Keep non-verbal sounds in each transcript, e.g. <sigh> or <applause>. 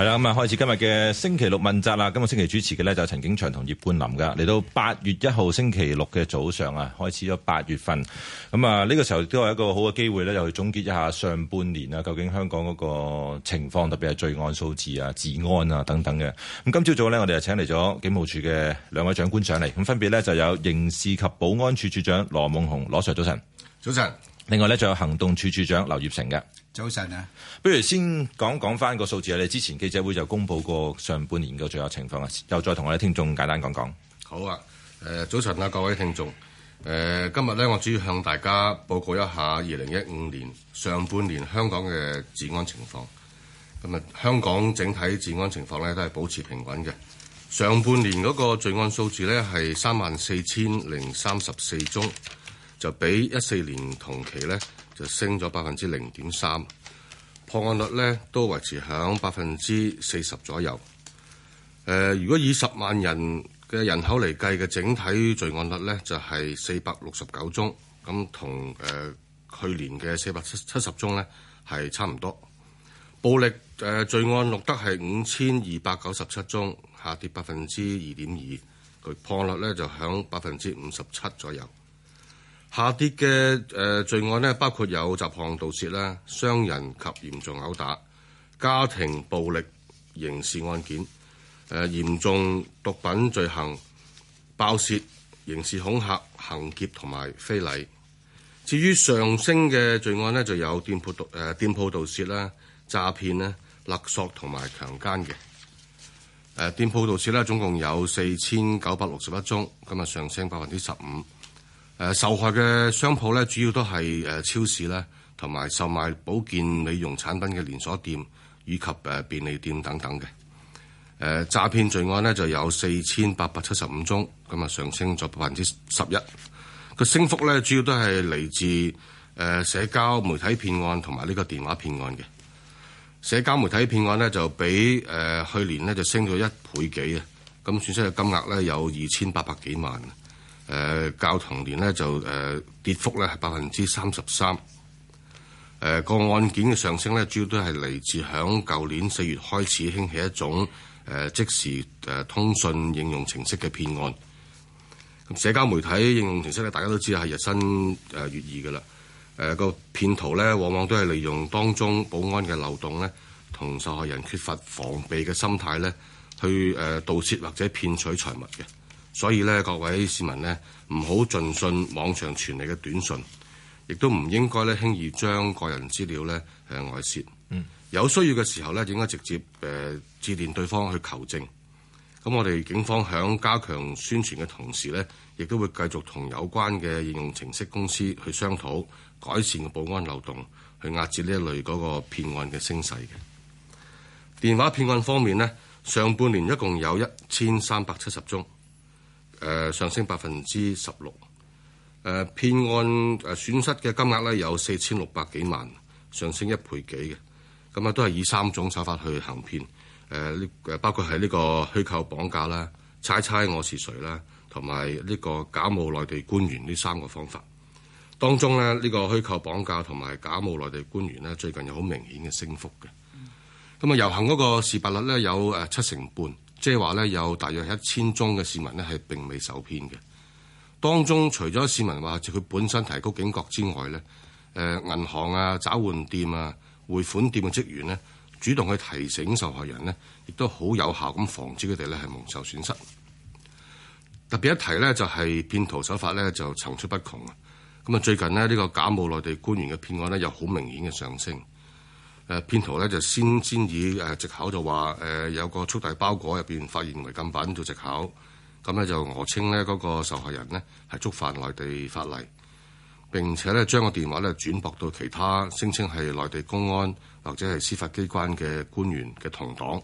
係啦，咁啊，開始今日嘅星期六問責啦。今日星期主持嘅呢，就係陳景祥同葉冠林噶。嚟到八月一號星期六嘅早上啊，開始咗八月份。咁啊，呢個時候亦都係一個好嘅機會呢，又去總結一下上半年啊，究竟香港嗰個情況，特別係罪案數字啊、治安啊等等嘅。咁今朝早呢，我哋就請嚟咗警務處嘅兩位長官上嚟，咁分別呢，就有刑事及保安處處長羅夢熊，羅 Sir，早晨。早晨。另外呢，仲有行動處處長劉業成嘅。早晨啊，不如先講講返個數字啊。你之前記者會就公布過上半年嘅罪案情況啊，又再同我哋聽眾簡單講講。好啊，誒、呃，早晨啊，各位聽眾，誒、呃，今日咧，我主要向大家報告一下二零一五年上半年香港嘅治安情況。咁啊，香港整體治安情況咧都係保持平穩嘅。上半年嗰個罪案數字咧係三萬四千零三十四宗，就比一四年同期咧，就升咗百分之零點三，破案率呢都維持響百分之四十左右。誒、呃，如果以十萬人嘅人口嚟計嘅整體罪案率呢，就係四百六十九宗，咁同誒去年嘅四百七七十宗呢，係差唔多。暴力誒、呃、罪案錄得係五千二百九十七宗，下跌百分之二點二，佢破案率呢，就響百分之五十七左右。下跌嘅誒、呃、罪案咧，包括有雜項盜竊啦、傷人及嚴重毆打、家庭暴力、刑事案件、誒、呃、嚴重毒品罪行、爆竊、刑事恐嚇、行劫同埋非禮。至於上升嘅罪案咧，就有店鋪盜誒店鋪盜竊啦、詐騙啦、勒索同埋強姦嘅。誒、呃、店鋪盜竊咧，總共有四千九百六十一宗，今日上升百分之十五。誒受害嘅商鋪咧，主要都係誒超市咧，同埋售賣保健美容產品嘅連鎖店，以及誒便利店等等嘅。誒詐騙罪案咧就有四千八百七十五宗，咁啊上升咗百分之十一。個升幅咧主要都係嚟自誒社交媒體騙案同埋呢個電話騙案嘅。社交媒體騙案咧就比誒去年咧就升咗一倍幾啊，咁損失嘅金額咧有二千八百幾萬。誒較同年呢，就、呃、誒跌幅咧係百分之三十三，誒、呃、個案件嘅上升咧主要都係嚟自響舊年四月開始興起一種誒、呃、即時誒、呃、通訊應用程式嘅騙案。咁社交媒體應用程式咧大家都知係日新誒、呃、月異嘅啦，誒、呃、個騙徒咧往往都係利用當中保安嘅漏洞咧，同受害人缺乏防備嘅心態咧，去誒、呃、盜竊或者騙取財物嘅。所以咧，各位市民呢，唔好盡信網上傳嚟嘅短信，亦都唔應該咧輕易將個人資料咧誒外泄。呃呃呃呃嗯、有需要嘅時候呢，應該直接誒致電對方去求證。咁我哋警方響加強宣傳嘅同時呢，亦都會繼續同有關嘅應用程式公司去商討改善嘅保安漏洞，去壓止呢一類嗰個騙案嘅升勢嘅。電話騙案方面呢，上半年一共有一千三百七十宗。誒、呃、上升百分之十六，誒、呃、騙案誒損失嘅金額咧有四千六百幾萬，上升一倍幾嘅，咁、嗯、啊都係以三種手法去行騙，誒呢誒包括係呢個虛構綁架啦、猜猜我是誰啦，同埋呢個假冒內地官員呢三個方法，當中咧呢、呢個虛構綁架同埋假冒內地官員呢，最近有好明顯嘅升幅嘅，咁、嗯、啊、嗯、遊行嗰個事發率咧有誒七成半。即係話咧，有大約一千宗嘅市民咧係並未受騙嘅。當中除咗市民話佢本身提高警覺之外咧，誒銀行啊、找換店啊、匯款店嘅職員咧主動去提醒受害人呢，亦都好有效咁防止佢哋咧係蒙受損失。特別一提呢，就係騙徒手法呢就層出不窮啊！咁啊，最近呢，呢個假冒內地官員嘅騙案呢，有好明顯嘅上升。誒騙徒咧就先先以誒藉口就話誒有個速遞包裹入邊發現違禁品做藉口，咁咧就訛稱呢嗰個受害人呢係觸犯內地法例，並且呢將個電話咧轉駁到其他聲稱係內地公安或者係司法機關嘅官員嘅同黨，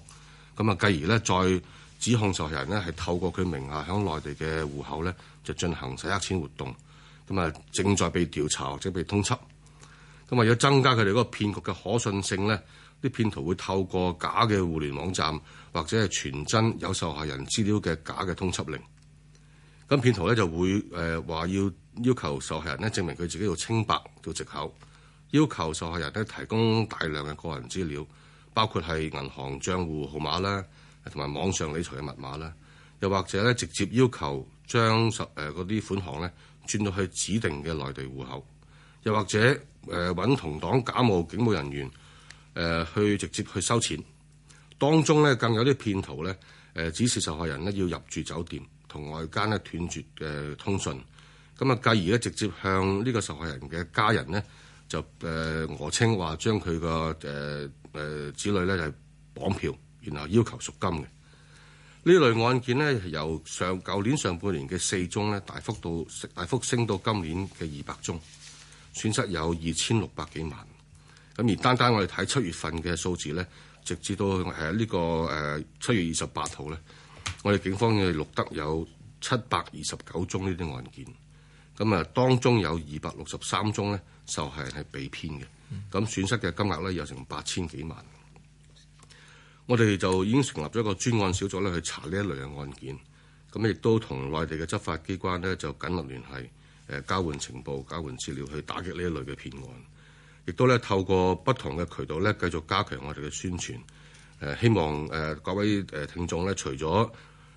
咁啊繼而呢再指控受害人呢係透過佢名下響內地嘅戶口呢就進行洗黑錢活動，咁啊正在被調查或者被通緝。咁為咗增加佢哋嗰個騙局嘅可信性，呢啲騙徒會透過假嘅互聯網站或者係全真有受害人資料嘅假嘅通緝令。咁騙徒咧就會誒話要要求受害人咧證明佢自己要清白做藉口，要求受害人咧提供大量嘅個人資料，包括係銀行帳戶號碼啦，同埋網上理財嘅密碼啦，又或者咧直接要求將十誒嗰啲款項咧轉到去指定嘅內地戶口，又或者。誒揾同黨假冒警務人員，誒、呃、去直接去收錢，當中咧更有啲騙徒咧，誒、呃、指示受害人咧要入住酒店，同外間咧斷絕嘅、呃、通訊，咁啊，繼而咧直接向呢個受害人嘅家人咧就誒訛稱話將佢個誒誒子女咧係綁票，然後要求贖金嘅呢類案件咧由上舊年上半年嘅四宗咧大幅度大，大幅升到今年嘅二百宗。損失有二千六百幾萬，咁而單單我哋睇七月份嘅數字咧，直至到誒呢個誒七月二十八號咧，我哋警方嘅錄得有七百二十九宗呢啲案件，咁啊當中有二百六十三宗咧，就係係被騙嘅，咁損失嘅金額咧有成八千幾萬，我哋就已經成立咗一個專案小組咧，去查呢一類嘅案件，咁亦都同內地嘅執法機關咧就緊密聯繫。誒交換情報、交換資料去打擊呢一類嘅騙案，亦都咧透過不同嘅渠道咧繼續加強我哋嘅宣傳。誒希望誒各位誒聽眾咧，除咗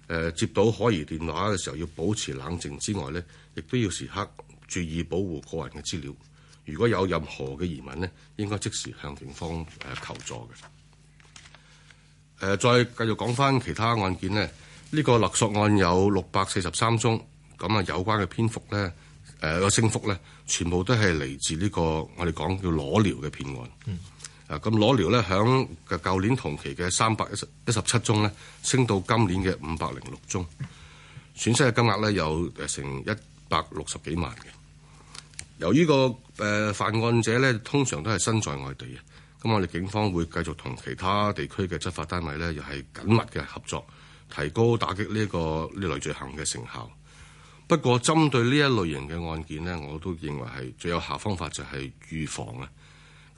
誒接到可疑電話嘅時候要保持冷靜之外咧，亦都要時刻注意保護個人嘅資料。如果有任何嘅疑問呢，應該即時向警方誒求助嘅。誒再繼續講返其他案件咧，呢、呢個勒索案有六百四十三宗，咁啊有關嘅篇幅咧。誒個、呃、升幅咧，全部都係嚟自呢、這個我哋講叫裸聊嘅騙案。嗯、啊，咁裸聊咧，響嘅舊年同期嘅三百一十七宗咧，升到今年嘅五百零六宗，損失嘅金額咧有誒成一百六十幾萬嘅。由於個誒、呃、犯案者咧，通常都係身在外地嘅，咁我哋警方會繼續同其他地區嘅執法單位咧，又係緊密嘅合作，提高打擊呢一個呢類罪行嘅成效。不過，針對呢一類型嘅案件咧，我都認為係最有效方法就係預防啊。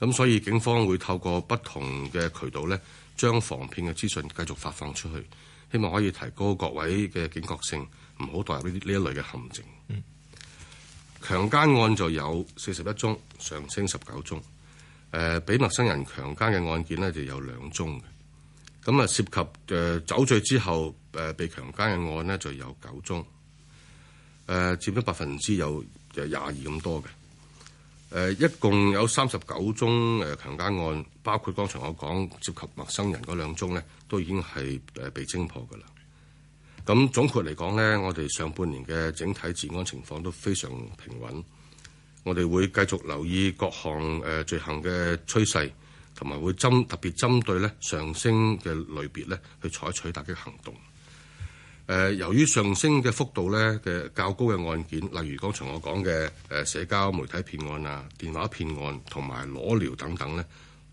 咁所以警方會透過不同嘅渠道咧，將防騙嘅資訊繼續發放出去，希望可以提高各位嘅警覺性，唔好代入呢呢一類嘅陷阱。嗯，強姦案就有四十一宗，上升十九宗。誒、呃，俾陌生人強姦嘅案件咧就有兩宗嘅。咁、嗯、啊，涉及誒、呃、酒醉之後誒、呃、被強姦嘅案咧就有九宗。誒，佔咗、呃、百分之有廿二咁多嘅，誒、呃，一共有三十九宗誒強奸案，包括剛才我講涉及陌生人嗰兩宗呢都已經係誒、呃、被偵破噶啦。咁、嗯、總括嚟講呢我哋上半年嘅整體治安情況都非常平穩。我哋會繼續留意各項誒、呃呃、罪行嘅趨勢，同埋會針特別針對咧上升嘅類別咧去採取打擊行動。誒，由於上升嘅幅度咧嘅較高嘅案件，例如剛才我講嘅誒社交媒體騙案啊、電話騙案同埋裸聊等等咧，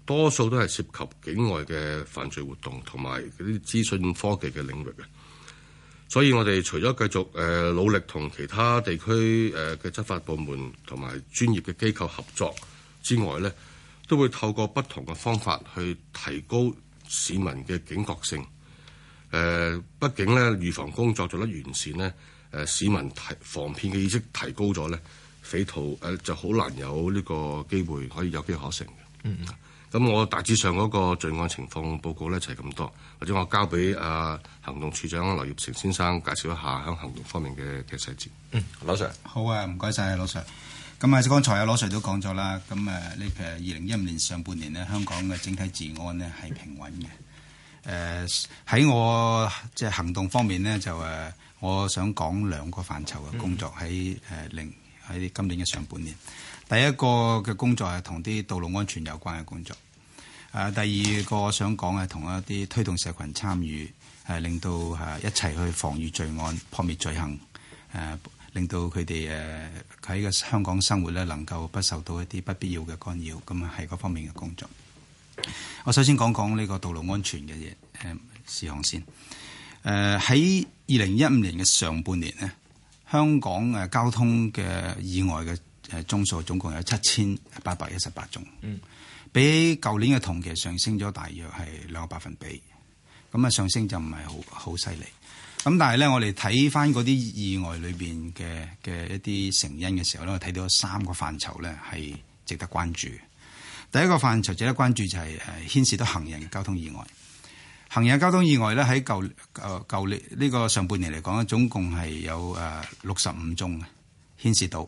多數都係涉及境外嘅犯罪活動同埋嗰啲資訊科技嘅領域嘅。所以我哋除咗繼續誒努力同其他地區誒嘅執法部門同埋專業嘅機構合作之外咧，都會透過不同嘅方法去提高市民嘅警覺性。誒、呃，畢竟咧，預防工作做得完善咧，誒、呃、市民提防騙嘅意識提高咗咧，匪徒誒、呃、就好難有呢個機會可以有機可乘嘅。嗯，咁我大致上嗰個罪案情況報告咧，就係咁多，或者我交俾誒、呃、行動處長劉業成先生介紹一下喺行動方面嘅嘅細節。嗯，劉 Sir。好啊，唔該晒，劉 Sir。咁啊，剛才啊，劉 Sir 都講咗啦，咁誒，呢誒二零一五年上半年咧，香港嘅整體治安呢係平穩嘅。嗯誒喺、uh，我即係行動方面呢，就誒、是、我想講兩個範疇嘅工作喺誒令喺今年嘅上半年，第一個嘅工作係同啲道路安全有關嘅工作。誒、啊、第二個我想講嘅係同一啲推動社群參與，係、啊、令到誒、啊、一齊去防禦罪案、撲滅罪行。誒、啊、令到佢哋誒喺個香港生活咧，能夠不受到一啲不必要嘅干擾。咁啊係嗰方面嘅工作。我首先講講呢個道路安全嘅嘢事項先。誒、呃，喺二零一五年嘅上半年咧，香港誒交通嘅意外嘅誒宗數總共有七千八百一十八宗，嗯，比舊年嘅同期上升咗大約係兩個百分比。咁啊、嗯、上升就唔係好好犀利。咁、嗯、但係呢，我哋睇翻嗰啲意外裏邊嘅嘅一啲成因嘅時候咧，睇到三個範疇呢係值得關注。第一個範疇值得關注就係誒牽涉到行人交通意外。行人交通意外咧，喺舊誒舊年呢個上半年嚟講，總共係有誒六十五宗牽涉到，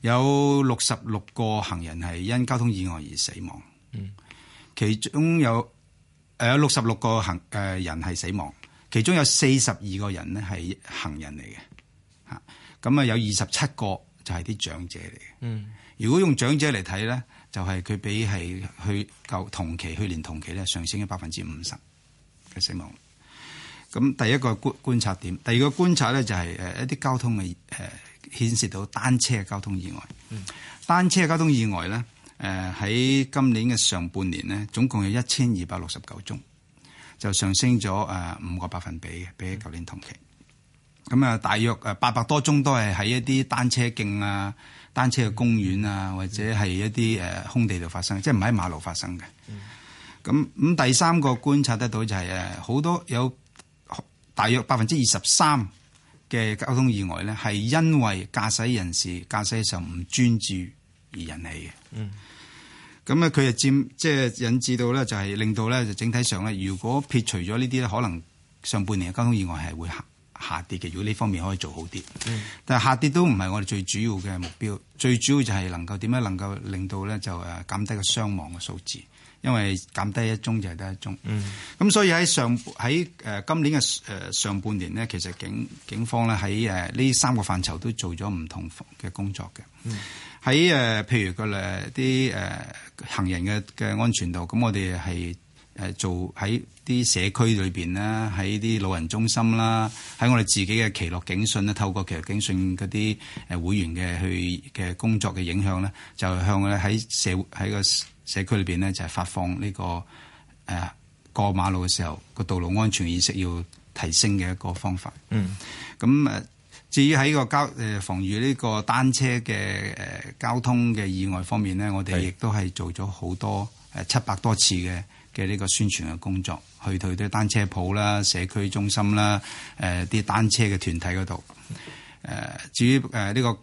有六十六個行人係因交通意外而死亡。嗯，其中有誒有六十六個行誒、呃、人係死亡，其中有四十二個人咧係行人嚟嘅嚇，咁啊有二十七個就係啲長者嚟嘅。嗯，如果用長者嚟睇咧。就係佢比係去舊同期去年同期咧上升咗百分之五十嘅死亡。咁第一個觀觀察點，第二個觀察咧就係誒一啲交通嘅誒、呃、顯示到單車嘅交通意外。嗯、單車嘅交通意外咧，誒、呃、喺今年嘅上半年呢，總共有一千二百六十九宗，就上升咗誒五個百分比比起舊年同期。咁啊，大約誒八百多宗都係喺一啲單車徑啊。單車嘅公園啊，或者係一啲誒空地度發生，即係唔喺馬路發生嘅。咁咁、嗯、第三個觀察得到就係、是、誒，好多有大約百分之二十三嘅交通意外咧，係因為駕駛人士駕駛嘅時候唔專注而引起嘅。咁咧佢就佔即係、就是、引致到咧、就是，就係令到咧就整體上咧，如果撇除咗呢啲咧，可能上半年嘅交通意外係會慳，下跌嘅，如果呢方面可以做好啲，但係下跌都唔係我哋最主要嘅目標，最主要就係能夠點樣能夠令到咧就誒減低個傷亡嘅數字，因為減低一宗就係得一宗。嗯，咁所以喺上喺誒今年嘅誒上半年呢，其實警警方咧喺誒呢三個範疇都做咗唔同嘅工作嘅。喺誒，嗯，譬如個誒啲誒行人嘅嘅安全度，咁我哋係。誒做喺啲社區裏邊啦，喺啲老人中心啦，喺我哋自己嘅耆樂警訊咧，透過耆樂警訊嗰啲誒會員嘅去嘅工作嘅影響咧，就向我哋喺社喺個社區裏邊咧就係發放呢、呢個誒、呃、過馬路嘅時候個道路安全意識要提升嘅一個方法。嗯，咁誒至於喺個交誒防禦呢個單車嘅誒交通嘅意外方面呢，我哋亦都係做咗好多誒七百多次嘅。嘅呢個宣傳嘅工作，去到啲單車舖啦、社區中心啦、誒、呃、啲單車嘅團體嗰度。誒、呃、至於誒呢、呃這個，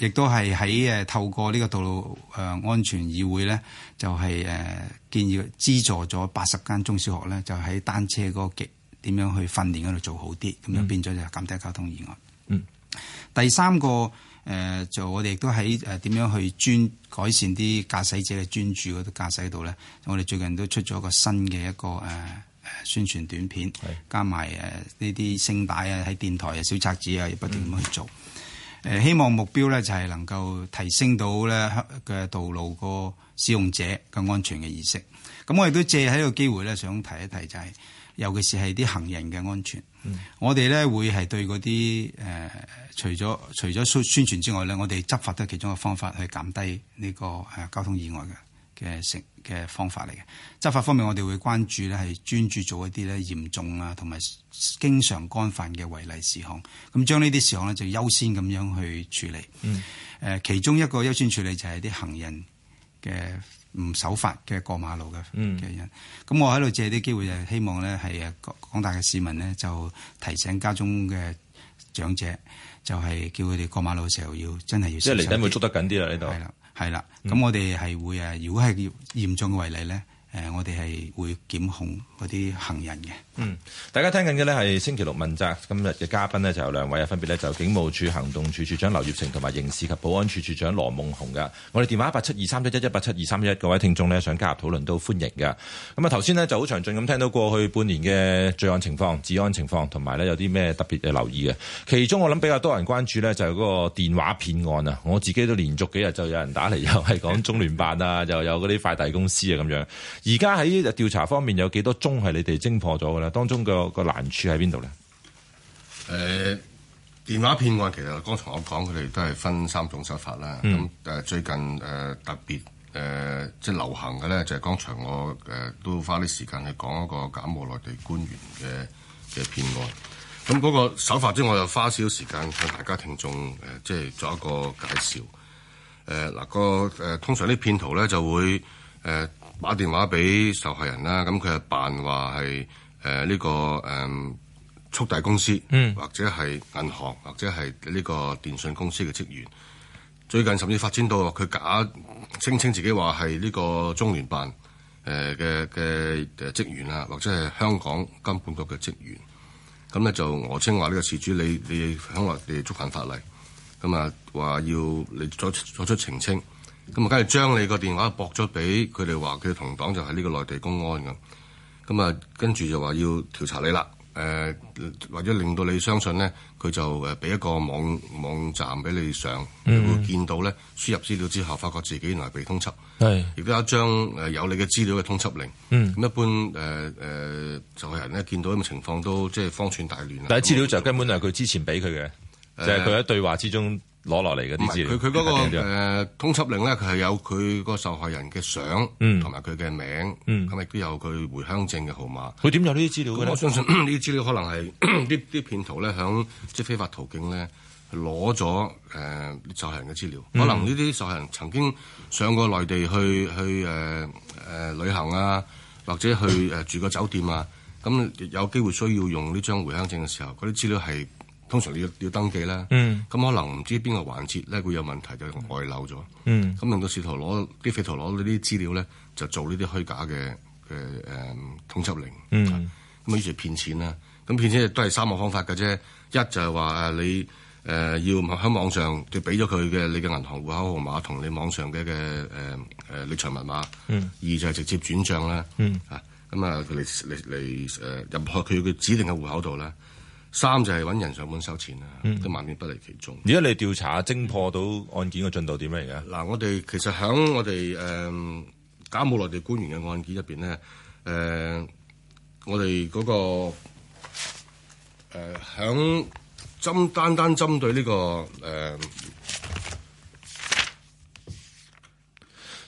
亦都係喺誒透過呢個道路誒安全議會咧，就係、是、誒、呃、建議資助咗八十間中小學咧，就喺、是、單車嗰、那個極點樣去訓練嗰度做好啲，咁樣變咗就減低交通意外。嗯，第三個。誒、呃、就我哋亦都喺誒點樣去專改善啲駕駛者嘅專注嗰啲駕駛度咧？我哋最近都出咗一個新嘅一個誒、呃、宣傳短片，是加埋誒呢啲聲帶啊，喺電台啊、小冊子啊，亦不斷咁去做。誒、嗯呃、希望目標咧就係能夠提升到咧嘅道路個使用者嘅安全嘅意識。咁我亦都借喺呢個機會咧，想提一提就係、是。尤其是係啲行人嘅安全，嗯、我哋咧會係對嗰啲誒，除咗除咗宣宣傳之外咧，我哋執法都係其中一個方法去減低呢、這個誒、啊、交通意外嘅嘅成嘅方法嚟嘅。執法方面，我哋會關注咧係專注做一啲咧嚴重啊同埋經常干犯嘅違例事項，咁、啊、將呢啲事項咧就優先咁樣去處理。誒、嗯呃，其中一個優先處理就係啲行人嘅，唔守法嘅過馬路嘅嘅人，咁、嗯、我喺度借啲機會，就係希望咧係誒廣大嘅市民咧，就提醒家中嘅長者，就係、是、叫佢哋過馬路嘅時候要真係要即係嚟緊會捉得緊啲啦、啊，呢度係啦，係啦，咁、嗯、我哋係會誒，如果係嚴重嘅違例咧。誒、呃，我哋係會檢控嗰啲行人嘅。嗯，大家聽緊嘅呢係星期六問責，今日嘅嘉賓呢就有兩位，分別呢就警務處行動處處長劉業成同埋刑事及保安處處長羅夢熊㗎。我哋電話八七二三一一八七二三一，各位聽眾呢，想加入討論都歡迎嘅。咁啊，頭先呢就好詳盡咁聽到過去半年嘅罪案情況、治安情況同埋呢有啲咩特別嘅留意嘅。其中我諗比較多人關注呢，就係嗰個電話騙案啊，我自己都連續幾日就有人打嚟，又係講中聯辦啊，又有嗰啲快遞公司啊咁樣。而家喺調查方面有幾多宗係你哋偵破咗嘅咧？當中個個難處喺邊度咧？誒、呃、電話騙案其實剛才我講，佢哋都係分三種手法啦。咁誒、嗯、最近誒、呃、特別誒、呃、即係流行嘅咧，就係、是、剛才我誒、呃、都花啲時間去講一個假冒內地官員嘅嘅騙案。咁嗰個手法之外，我又花少少時間向大家聽眾誒、呃，即係作一個介紹。誒、呃、嗱、那個誒、呃、通常啲騙徒咧就會誒。呃呃打電話俾受害人啦，咁佢係扮話係誒呢個誒、嗯、速遞公司，嗯、或者係銀行，或者係呢個電信公司嘅職員。最近甚至發展到佢假聲稱自己話係呢個中聯辦誒嘅嘅誒職員啦，或者係香港金管局嘅職員。咁咧就我稱話呢個事主，你你響我你觸犯法例，咁啊話要你作作出澄清。咁啊，跟住將你個電話駁咗俾佢哋，話佢同黨就係呢個內地公安咁。咁啊，跟住就話要調查你啦。誒、呃，或者令到你相信咧，佢就誒俾一個網網站俾你上，會、嗯嗯、見到咧，輸入資料之後，發覺自己原來被通緝。係是。亦都有一張有你嘅資料嘅通緝令。咁、嗯、一般誒誒、呃呃，就係人咧見到咁嘅情況，都即係方寸大亂。第一資料就根本係佢之前俾佢嘅，呃、就係佢喺對話之中，攞落嚟嘅，唔係佢佢嗰個誒通緝令咧，佢係有佢個受害人嘅相，嗯，同埋佢嘅名，嗯，咁亦都有佢回鄉證嘅號碼。佢點有呢啲資料咧？我相信呢啲資料可能係啲啲騙徒咧，響即係非法途徑咧，攞咗誒受害人嘅資料。可能呢啲受害人曾經上過內地去去誒誒旅行啊，或者去誒住過酒店啊，咁有機會需要用呢張回鄉證嘅時候，嗰啲資料係。通常要要登記啦，咁可能唔知邊個環節咧會有問題就外漏咗，咁令到試圖攞啲匪徒攞到啲資料咧就做呢啲虛假嘅嘅誒通緝令，咁於是就騙錢啦。咁騙錢亦都係三個方法嘅啫，一就係話誒你誒要喺網上就俾咗佢嘅你嘅銀行戶口號碼同你網上嘅嘅理財密碼，二就係直接轉帳啦，啊咁啊嚟嚟嚟誒入去佢嘅指定嘅戶口度啦。三就係揾人上門收錢啦，嗯、都萬變不離其中。而家你調查、偵破到案件嘅進度點咧？嘅，嗱，我哋其實喺我哋誒假冒內地官員嘅案件入邊咧，誒、呃、我哋嗰、那個誒喺、呃、針單單針對呢、這個誒，呃、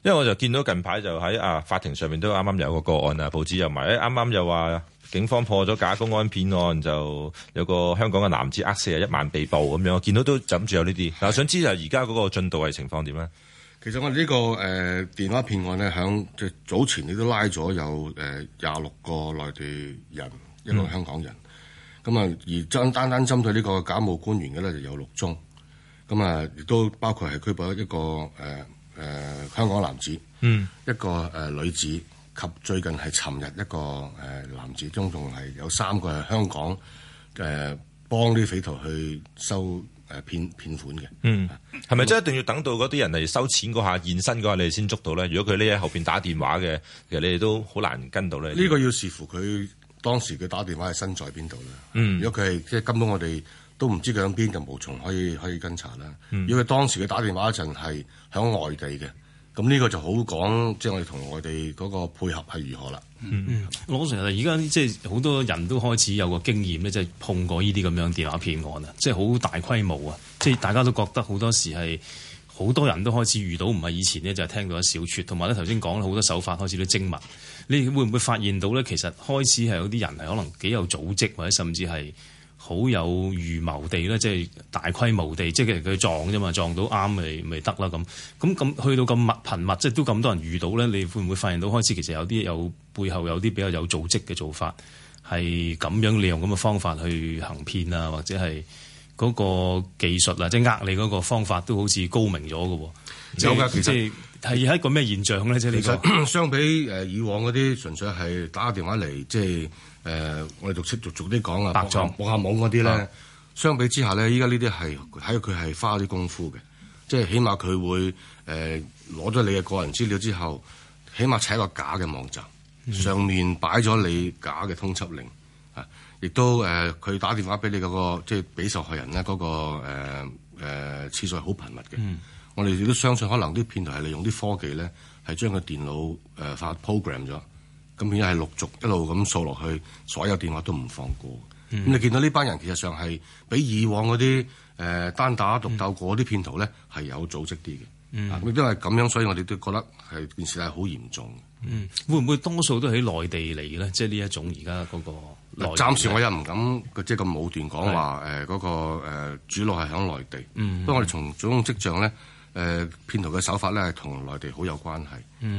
因為我就見到近排就喺啊法庭上面都啱啱有個個案啊，報紙又埋，誒啱啱又話。警方破咗假公安騙案，就有個香港嘅男子呃四廿一萬被捕咁樣，見到都諗住有呢啲。嗱是，但我想知就而家嗰個進度係情況點咧？其實我哋呢、這個誒、呃、電話騙案咧，響即係早前你都拉咗有誒廿六個內地人，一個香港人。咁啊、嗯，而針單單針對呢個假冒官員嘅咧，就有六宗。咁、嗯、啊，亦都包括係拘捕一個誒誒、呃呃、香港男子，嗯，一個誒、呃、女子。及最近係尋日一個誒、呃、男子中仲係有三個係香港誒、呃、幫啲匪徒去收誒騙騙款嘅，嗯，係咪真係一定要等到嗰啲人嚟收錢嗰下現身嗰下你哋先捉到咧？如果佢呢喺後邊打電話嘅，其實你哋都好難跟到咧。呢個要視乎佢當時佢打電話係身在邊度啦。嗯，如果佢係即係根本我哋都唔知佢響邊，就無從可以可以跟查啦。嗯，如果當時佢打電話一陣係響外地嘅。咁呢個就好講，即係我哋同外地嗰個配合係如何啦。嗯，羅 Sir，而家即係好多人都開始有個經驗咧，即係碰過呢啲咁樣電話騙案啊，即係好大規模啊，即係大家都覺得好多時係好多人都開始遇到，唔係以前呢，就係聽到一小撮，同埋咧頭先講好多手法開始都精密。你會唔會發現到咧？其實開始係有啲人係可能幾有組織，或者甚至係。好有預謀地咧，即係大規模地，即係佢撞啫嘛，撞到啱咪咪得啦咁。咁咁去到咁密頻密，即係都咁多人遇到咧，你會唔會發現到開始其實有啲有背後有啲比較有組織嘅做法，係咁樣利用咁嘅方法去行騙啊，或者係嗰個技術啊，即係呃你嗰個方法都好似高明咗嘅喎。即係係一個咩現象咧？即係你其實，其實相比誒以往嗰啲純粹係打電話嚟即係是。嗯誒、呃，我哋逐出逐逐啲講啊，白撞搏下網嗰啲咧，嗯、相比之下咧，依家呢啲係睇佢係花啲功夫嘅，即係起碼佢會誒攞咗你嘅個人資料之後，起碼踩個假嘅網站，嗯、上面擺咗你假嘅通緝令啊，亦都誒佢、呃、打電話俾你嗰、那個，即係俾受害人咧、那、嗰個誒、呃呃、次數係好頻密嘅。嗯、我哋亦都相信，可能啲騙徒係利用啲科技咧，係將個電腦誒發、呃、program 咗。咁佢係陸續一路咁掃落去，所有電話都唔放過。咁、嗯、你見到呢班人其實上係比以往嗰啲誒單打獨鬥嗰啲騙徒咧係、嗯、有組織啲嘅。啊、嗯，亦都係咁樣，所以我哋都覺得係件事係好嚴重。嗯，會唔會多數都喺內地嚟咧？即係呢一種而家嗰個。嗱，暫時我又唔敢即係咁武斷講話誒嗰個主腦係喺內地。嗯嗯、不過我哋從種種跡象咧。誒騙徒嘅手法咧，係同內地好有關係。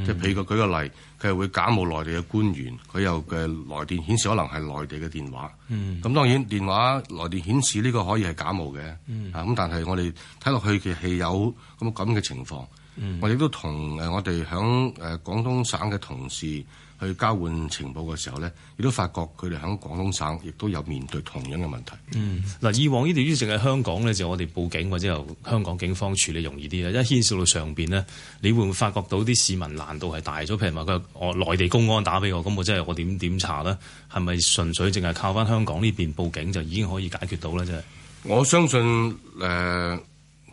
即係譬如舉個例，佢係會假冒內地嘅官員，佢又嘅來電顯示可能係內地嘅電話。咁、嗯、當然電話來電顯示呢個可以係假冒嘅。嗯、啊，咁但係我哋睇落去其實係有咁咁嘅情況。嗯、我哋都同誒我哋響誒廣東省嘅同事，去交換情報嘅時候咧，亦都發覺佢哋喺廣東省亦都有面對同樣嘅問題。嗯，嗱，以往呢條消息喺香港咧，就我哋報警或者由香港警方處理容易啲嘅，一牽涉到上邊咧，你會唔會發覺到啲市民難度係大咗？譬如話佢內地公安打俾我，咁我真係我點點查咧？係咪純粹淨係靠翻香港呢邊報警就已經可以解決到咧？真係，我相信誒、呃，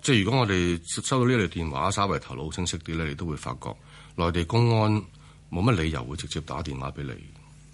即係如果我哋收到呢一條電話，稍微頭腦清晰啲咧，你都會發覺內地公安，冇乜理由會直接打電話俾你，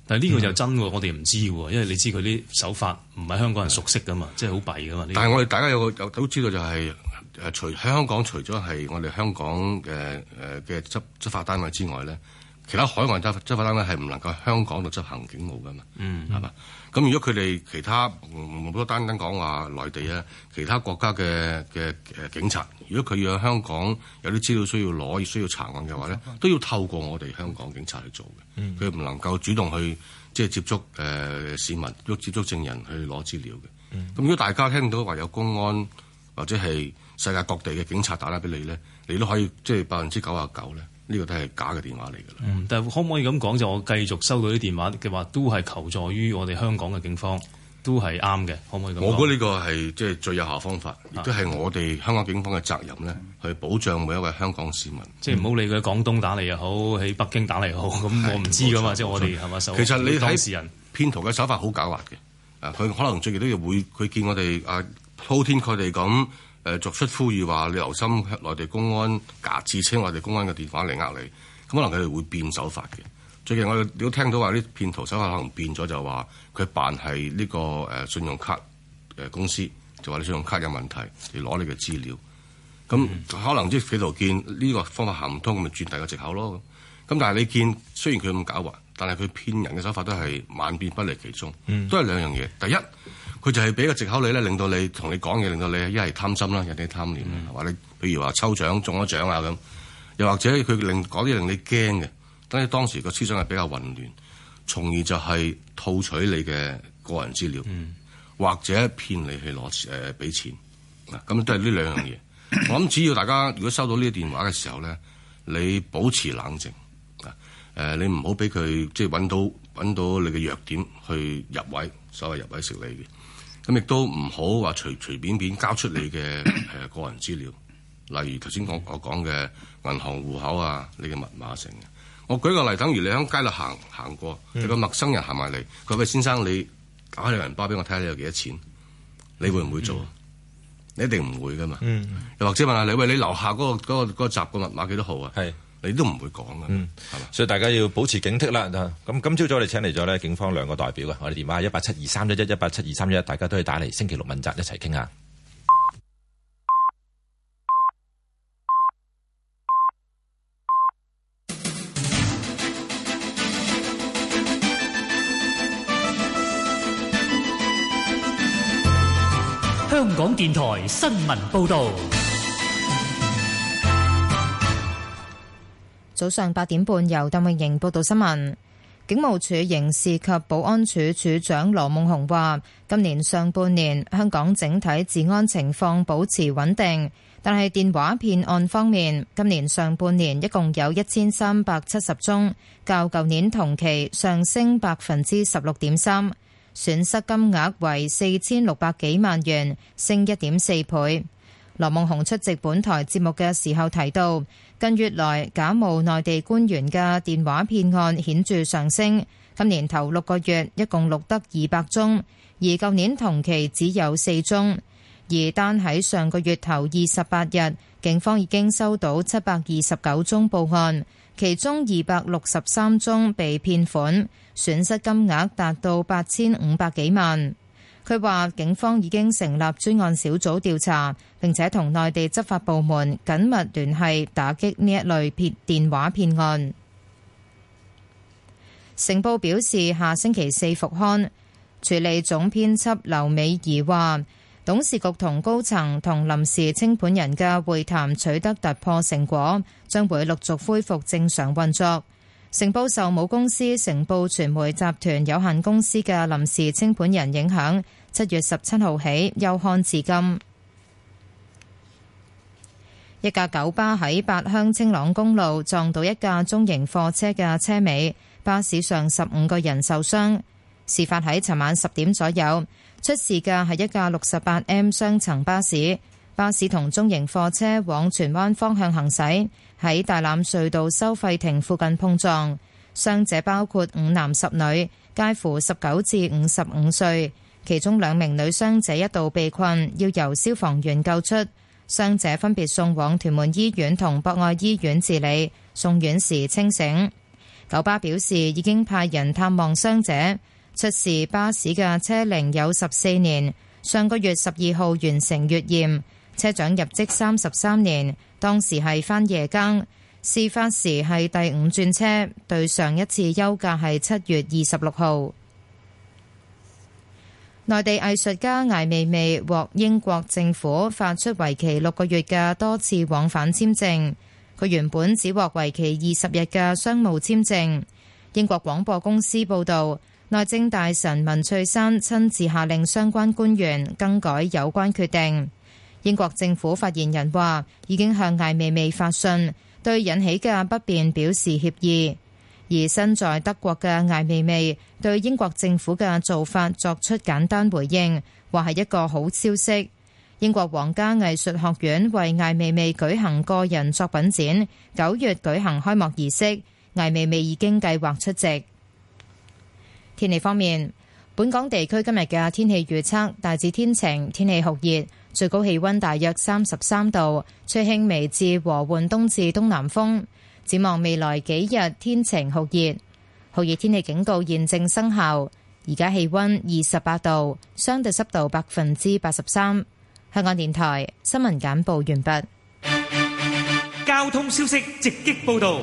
但係呢個就真喎，嗯、我哋唔知喎，因為你知佢啲手法唔係香港人熟悉噶嘛，的即係好弊噶嘛。但係我哋大家有個有都知道就係、係、誒，除香港除咗係我哋香港誒誒嘅執執法單位之外咧，其他海外執執法單位係唔能夠喺香港度執行警務噶嘛，係嘛、嗯？吧咁如果佢哋其他唔好單單講話內地啊，其他國家嘅嘅誒警察，如果佢要喺香港有啲資料需要攞，需要查案嘅話咧，都要透過我哋香港警察去做嘅。佢唔能夠主動去即係接觸誒、呃、市民，要接觸證人去攞資料嘅。咁、嗯、如果大家聽到話有公安或者係世界各地嘅警察打嚟俾你咧，你都可以即係百分之九啊九咧。呢個都係假嘅電話嚟㗎啦。嗯，但係可唔可以咁講？就我繼續收到啲電話嘅話，都係求助於我哋香港嘅警方，都係啱嘅。可唔可以講？我覺得呢個係即係最有效方法，亦都係我哋香港警方嘅責任咧，去保障每一位香港市民。嗯、即係唔好理佢廣東打嚟又好，喺北京打嚟又好，咁我唔知㗎嘛。嗯、即係我哋係嘛？錯是是其實你睇視人騙徒嘅手法好狡猾嘅。啊，佢可能最期都要會佢見我哋啊，鋪天蓋地咁。誒作出呼籲話，你留心內地公安假自稱我哋公安嘅電話嚟呃你，咁可能佢哋會變手法嘅。最近我哋都聽到話啲騙徒手法可能變咗，就話佢扮係呢個誒信用卡誒公司，就話你信用卡有問題，嚟攞你嘅資料。咁、嗯、可能啲匪徒見呢、呢個方法行唔通，咁咪轉第二個藉口咯。咁但係你見雖然佢咁狡猾，但係佢騙人嘅手法都係萬變不離其宗，嗯、都係兩樣嘢。第一。佢就係俾個藉口你咧，令到你同你講嘢，令到你一係貪心啦，人哋貪念，嗯、或者譬如話抽獎中咗獎啊咁，又或者佢令講啲令你驚嘅，等你當時個思想係比較混亂，從而就係套取你嘅個人資料，嗯、或者騙你去攞誒俾錢啊。咁都係呢兩樣嘢。我諗只要大家如果收到呢啲電話嘅時候咧，你保持冷靜啊，誒你唔好俾佢即係揾到揾到你嘅弱點去入位，所謂入位食你嘅。咁亦都唔好話隨隨便便交出你嘅誒個人資料，例如頭先我我講嘅銀行戶口啊，你嘅密碼性嘅。我舉個例，等如你喺街度行行過，你、嗯、個陌生人行埋嚟，佢話：先生，你攞、啊、你銀包俾我睇下你有幾多錢？你會唔會做？嗯、你一定唔會噶嘛。又、嗯、或者問下你喂，你樓下嗰、嗰個嗰、嗰個嗰、嗰個閘嘅密碼幾多號啊？你都唔會講嘅，係嘛？嗯，所以大家要保持警惕啦。咁今朝早我哋請嚟咗咧警方兩個代表嘅，我哋電話一八七二三一一一八七二三一一，大家都可以打嚟。星期六問責一齊傾下。香港電台新聞報導。早上八點半，由鄧穎盈報道新聞。警務處刑事及保安處處長羅夢熊話，今年上半年香港整體治安情況保持穩定，但係電話騙案方面，今年上半年一共有一千三百七十宗，較舊年同期上升百分之十六點三，損失金額為四千六百幾萬元，升一點四倍。羅夢熊出席本台節目嘅時候提到，近月來假冒內地官員嘅電話騙案顯著上升，今年頭六個月一共錄得二百宗，而舊年同期只有四宗。而單喺上個月頭二十八日，警方已經收到七百二十九宗報案，其中二百六十三宗被騙款，損失金額達到八千五百幾萬。佢話：警方已經成立專案小組調查，並且同內地執法部門緊密聯繫，打擊呢一類電話騙案。成報表示，下星期四復刊，處理總編輯劉美儀話，董事局同高層同臨時清盤人嘅會談取得突破成果，將會陸續恢復正常運作。承報受母公司成報傳媒集團有限公司嘅臨時清盤人影響，七月十七號起休刊至今。一架九巴喺八鄉青朗公路撞到一架中型貨車嘅車尾，巴士上十五個人受傷。事發喺尋晚十點左右，出事嘅係一架六十八 M 雙層巴士。巴士同中型貨車往荃灣方向行駛，喺大欖隧道收費亭附近碰撞，傷者包括五男十女，介乎十九至五十五歲，其中兩名女傷者一度被困，要由消防員救出。傷者分別送往屯門醫院同博愛醫院治理，送院時清醒。九巴表示已經派人探望傷者，出事巴士嘅車齡有十四年，上個月十二號完成月驗。車長入職三十三年，當時係返夜更。事發時係第五轉車，對上一次休假係七月二十六號。內地藝術家艾薇薇獲英國政府發出為期六個月嘅多次往返簽證，佢原本只獲為期二十日嘅商務簽證。英國廣播公司報道，內政大臣文翠珊親自下令相關官員更改有關決定。英國政府發言人話，已經向艾未未發信，對引起嘅不便表示歉意。而身在德國嘅艾未未對英國政府嘅做法作出簡單回應，話係一個好消息。英國皇家藝術學院為艾未未舉行個人作品展，九月舉行開幕儀式，艾未未已經計劃出席。天氣方面，本港地區今日嘅天氣預測大致天晴，天氣酷熱。最高氣溫大約三十三度，吹輕微至和緩東至東南風。展望未來幾日天晴酷熱，酷熱天氣警告現正生效。而家氣溫二十八度，相對濕度百分之八十三。香港電台新聞簡報完畢。交通消息直擊報道。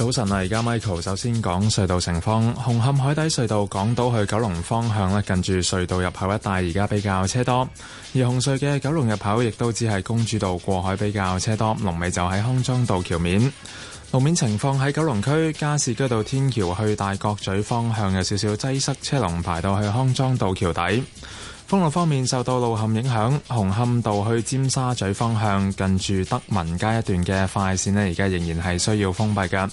早晨啊！而家 Michael 首先講隧道情況，紅磡海底隧道港島去九龍方向咧，近住隧道入口一帶而家比較車多。而紅隧嘅九龍入口亦都只係公主道過海比較車多，龍尾就喺康莊道橋面。路面情況喺九龍區加士居道天橋去大角咀方向有少少擠塞，車龍排到去康莊道橋底。公路方面受到路陷影響，紅磡道去尖沙咀方向近住德民街一段嘅快線咧，而家仍然係需要封閉嘅。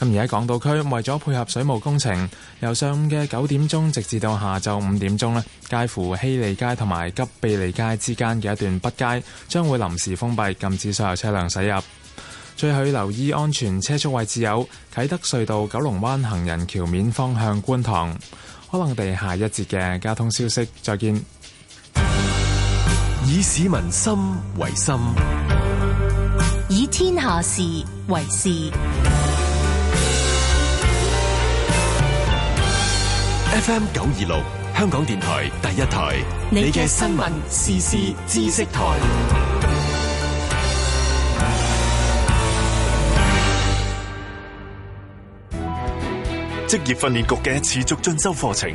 咁而家港島區，為咗配合水務工程，由上午嘅九點鐘直至到下晝五點鐘呢，介乎希利街同埋急庇利街之間嘅一段北街將會臨時封閉，禁止所有車輛駛入。最後要留意安全車速位置有啟德隧道、九龍灣行人橋面方向、觀塘。可能地下一節嘅交通消息，再見。以市民心為心，以天下事為事。FM 九二六，香港電台第一台，你嘅新聞時事知識台，職業訓練局嘅持續進修課程。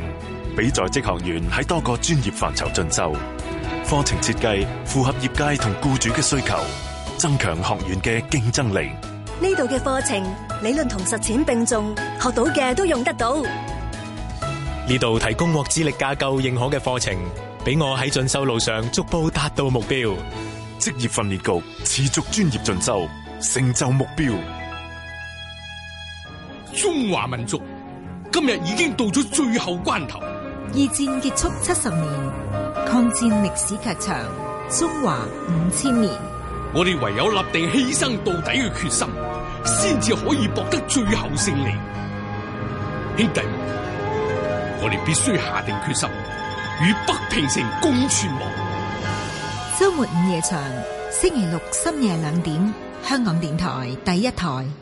俾在職學員喺多個專業範疇進修，課程設計符合業界同僱主嘅需求，增強學員嘅競爭力。呢度嘅課程理論同實踐並重，學到嘅都用得到。呢度提供獲資歷架構認可嘅課程，俾我喺進修路上逐步達到目標。職業訓練局持續專業進修，成就目標。中華民族今日已經到咗最後關頭。二戰結束七十年，抗戰歷史劇場，中華五千年。我哋唯有立定犧牲到底嘅決心，先至可以博得最後勝利。兄弟，我哋必須下定決心，與北平城共存亡。周末午夜場，星期六深夜兩點，香港電台第一台。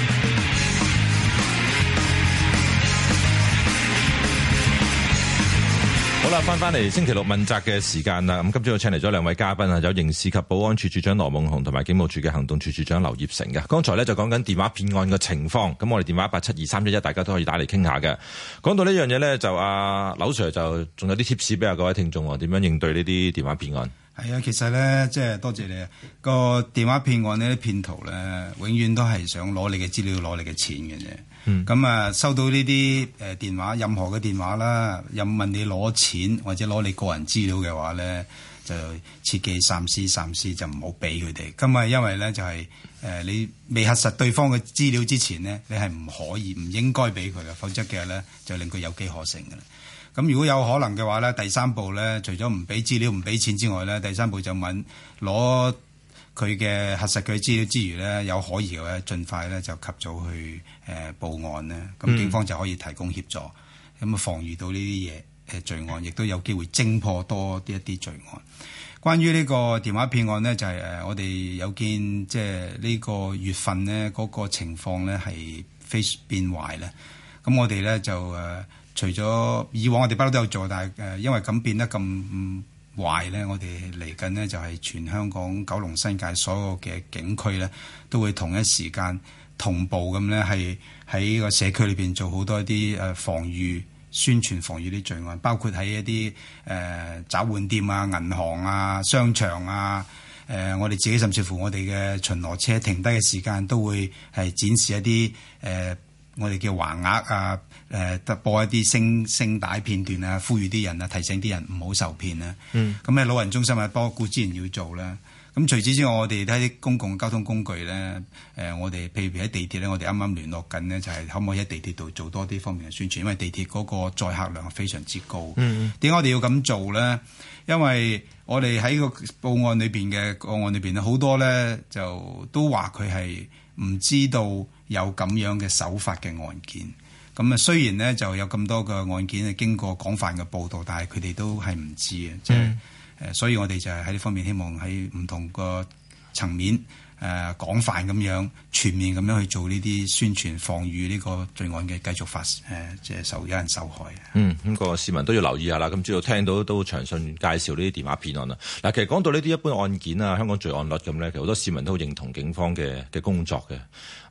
好嗱，翻翻嚟星期六問責嘅時間啦，咁今朝我請嚟咗兩位嘉賓啊，有刑事及保安處處長羅夢熊同埋警務處嘅行動處處長劉業成嘅。剛才咧就講緊電話騙案嘅情況，咁我哋電話一八七二三一一，大家都可以打嚟傾下嘅。講到呢樣嘢咧，就阿、啊、劉 Sir 就仲有啲貼士俾下各位聽眾啊，點樣應對呢啲電話騙案？係啊,其實咧即係多謝你啊。個電話騙案呢啲騙徒咧永遠都係想攞你嘅資料，攞你嘅錢嘅啫。咁啊，嗯、收到呢啲誒電話，任何嘅電話啦，又問你攞錢或者攞你個人資料嘅話咧，就切記三思、三思，就唔好俾佢哋。咁啊，因為咧就係、是、誒、呃、你未核實對方嘅資料之前咧，你係唔可以、唔應該俾佢嘅，否則嘅話咧就令佢有機可乘嘅。咁如果有可能嘅話咧，第三步咧，除咗唔俾資料、唔俾錢之外咧，第三步就問攞。佢嘅核實佢資料之餘咧，有可疑嘅話，儘快咧就及早去誒、呃、報案咧，咁警方就可以提供協助，咁啊防禦到呢啲嘢誒罪案，亦都有機會偵破多啲。一啲罪案。關於呢個電話騙案咧，就係、是、誒我哋有見即係呢個月份呢嗰、那個情況咧係非變壞啦。咁我哋咧就誒、呃、除咗以往我哋不嬲都有做，但係誒、呃、因為咁變得咁。嗯壞咧，我哋嚟緊呢，就係、是、全香港九龍新界所有嘅警區咧，都會同一時間同步咁咧，係喺個社區裏邊做好多一啲誒防禦宣傳、防禦啲罪案，包括喺一啲誒找換店啊、銀行啊、商場啊，誒、呃、我哋自己甚至乎我哋嘅巡邏車停低嘅時間都會係展示一啲誒。呃我哋叫橫額啊，誒、呃，播一啲聲聲帶片段啊，呼籲啲人啊，提醒啲人唔好受騙啊。嗯。咁喺老人中心啊，多顧自然要做啦、啊。咁除此之外，我哋睇啲公共交通工具咧，誒、呃，我哋譬如喺地鐵咧，我哋啱啱聯絡緊呢，就係、是、可唔可以喺地鐵度做多啲方面嘅宣傳？因為地鐵嗰個載客量係非常之高。嗯嗯。點解我哋要咁做咧？因為我哋喺個報案裏邊嘅案案裏邊好多咧就都話佢係唔知道。有咁樣嘅手法嘅案件咁啊，雖然呢就有咁多個案件係，經過廣泛嘅報道，但係佢哋都係唔知嘅。即係誒，所以我哋就係喺呢方面希望喺唔同個層面誒、啊、廣泛咁樣全面咁樣去做呢啲宣傳防禦呢個罪案嘅繼續發誒，即係受有人受害。嗯，咁、那個市民都要留意下啦。咁知道聽到都詳細介紹呢啲電話騙案啦。嗱，其實講到呢啲一般案件啊，香港罪案率咁咧，其實好多市民都好認同警方嘅嘅工作嘅。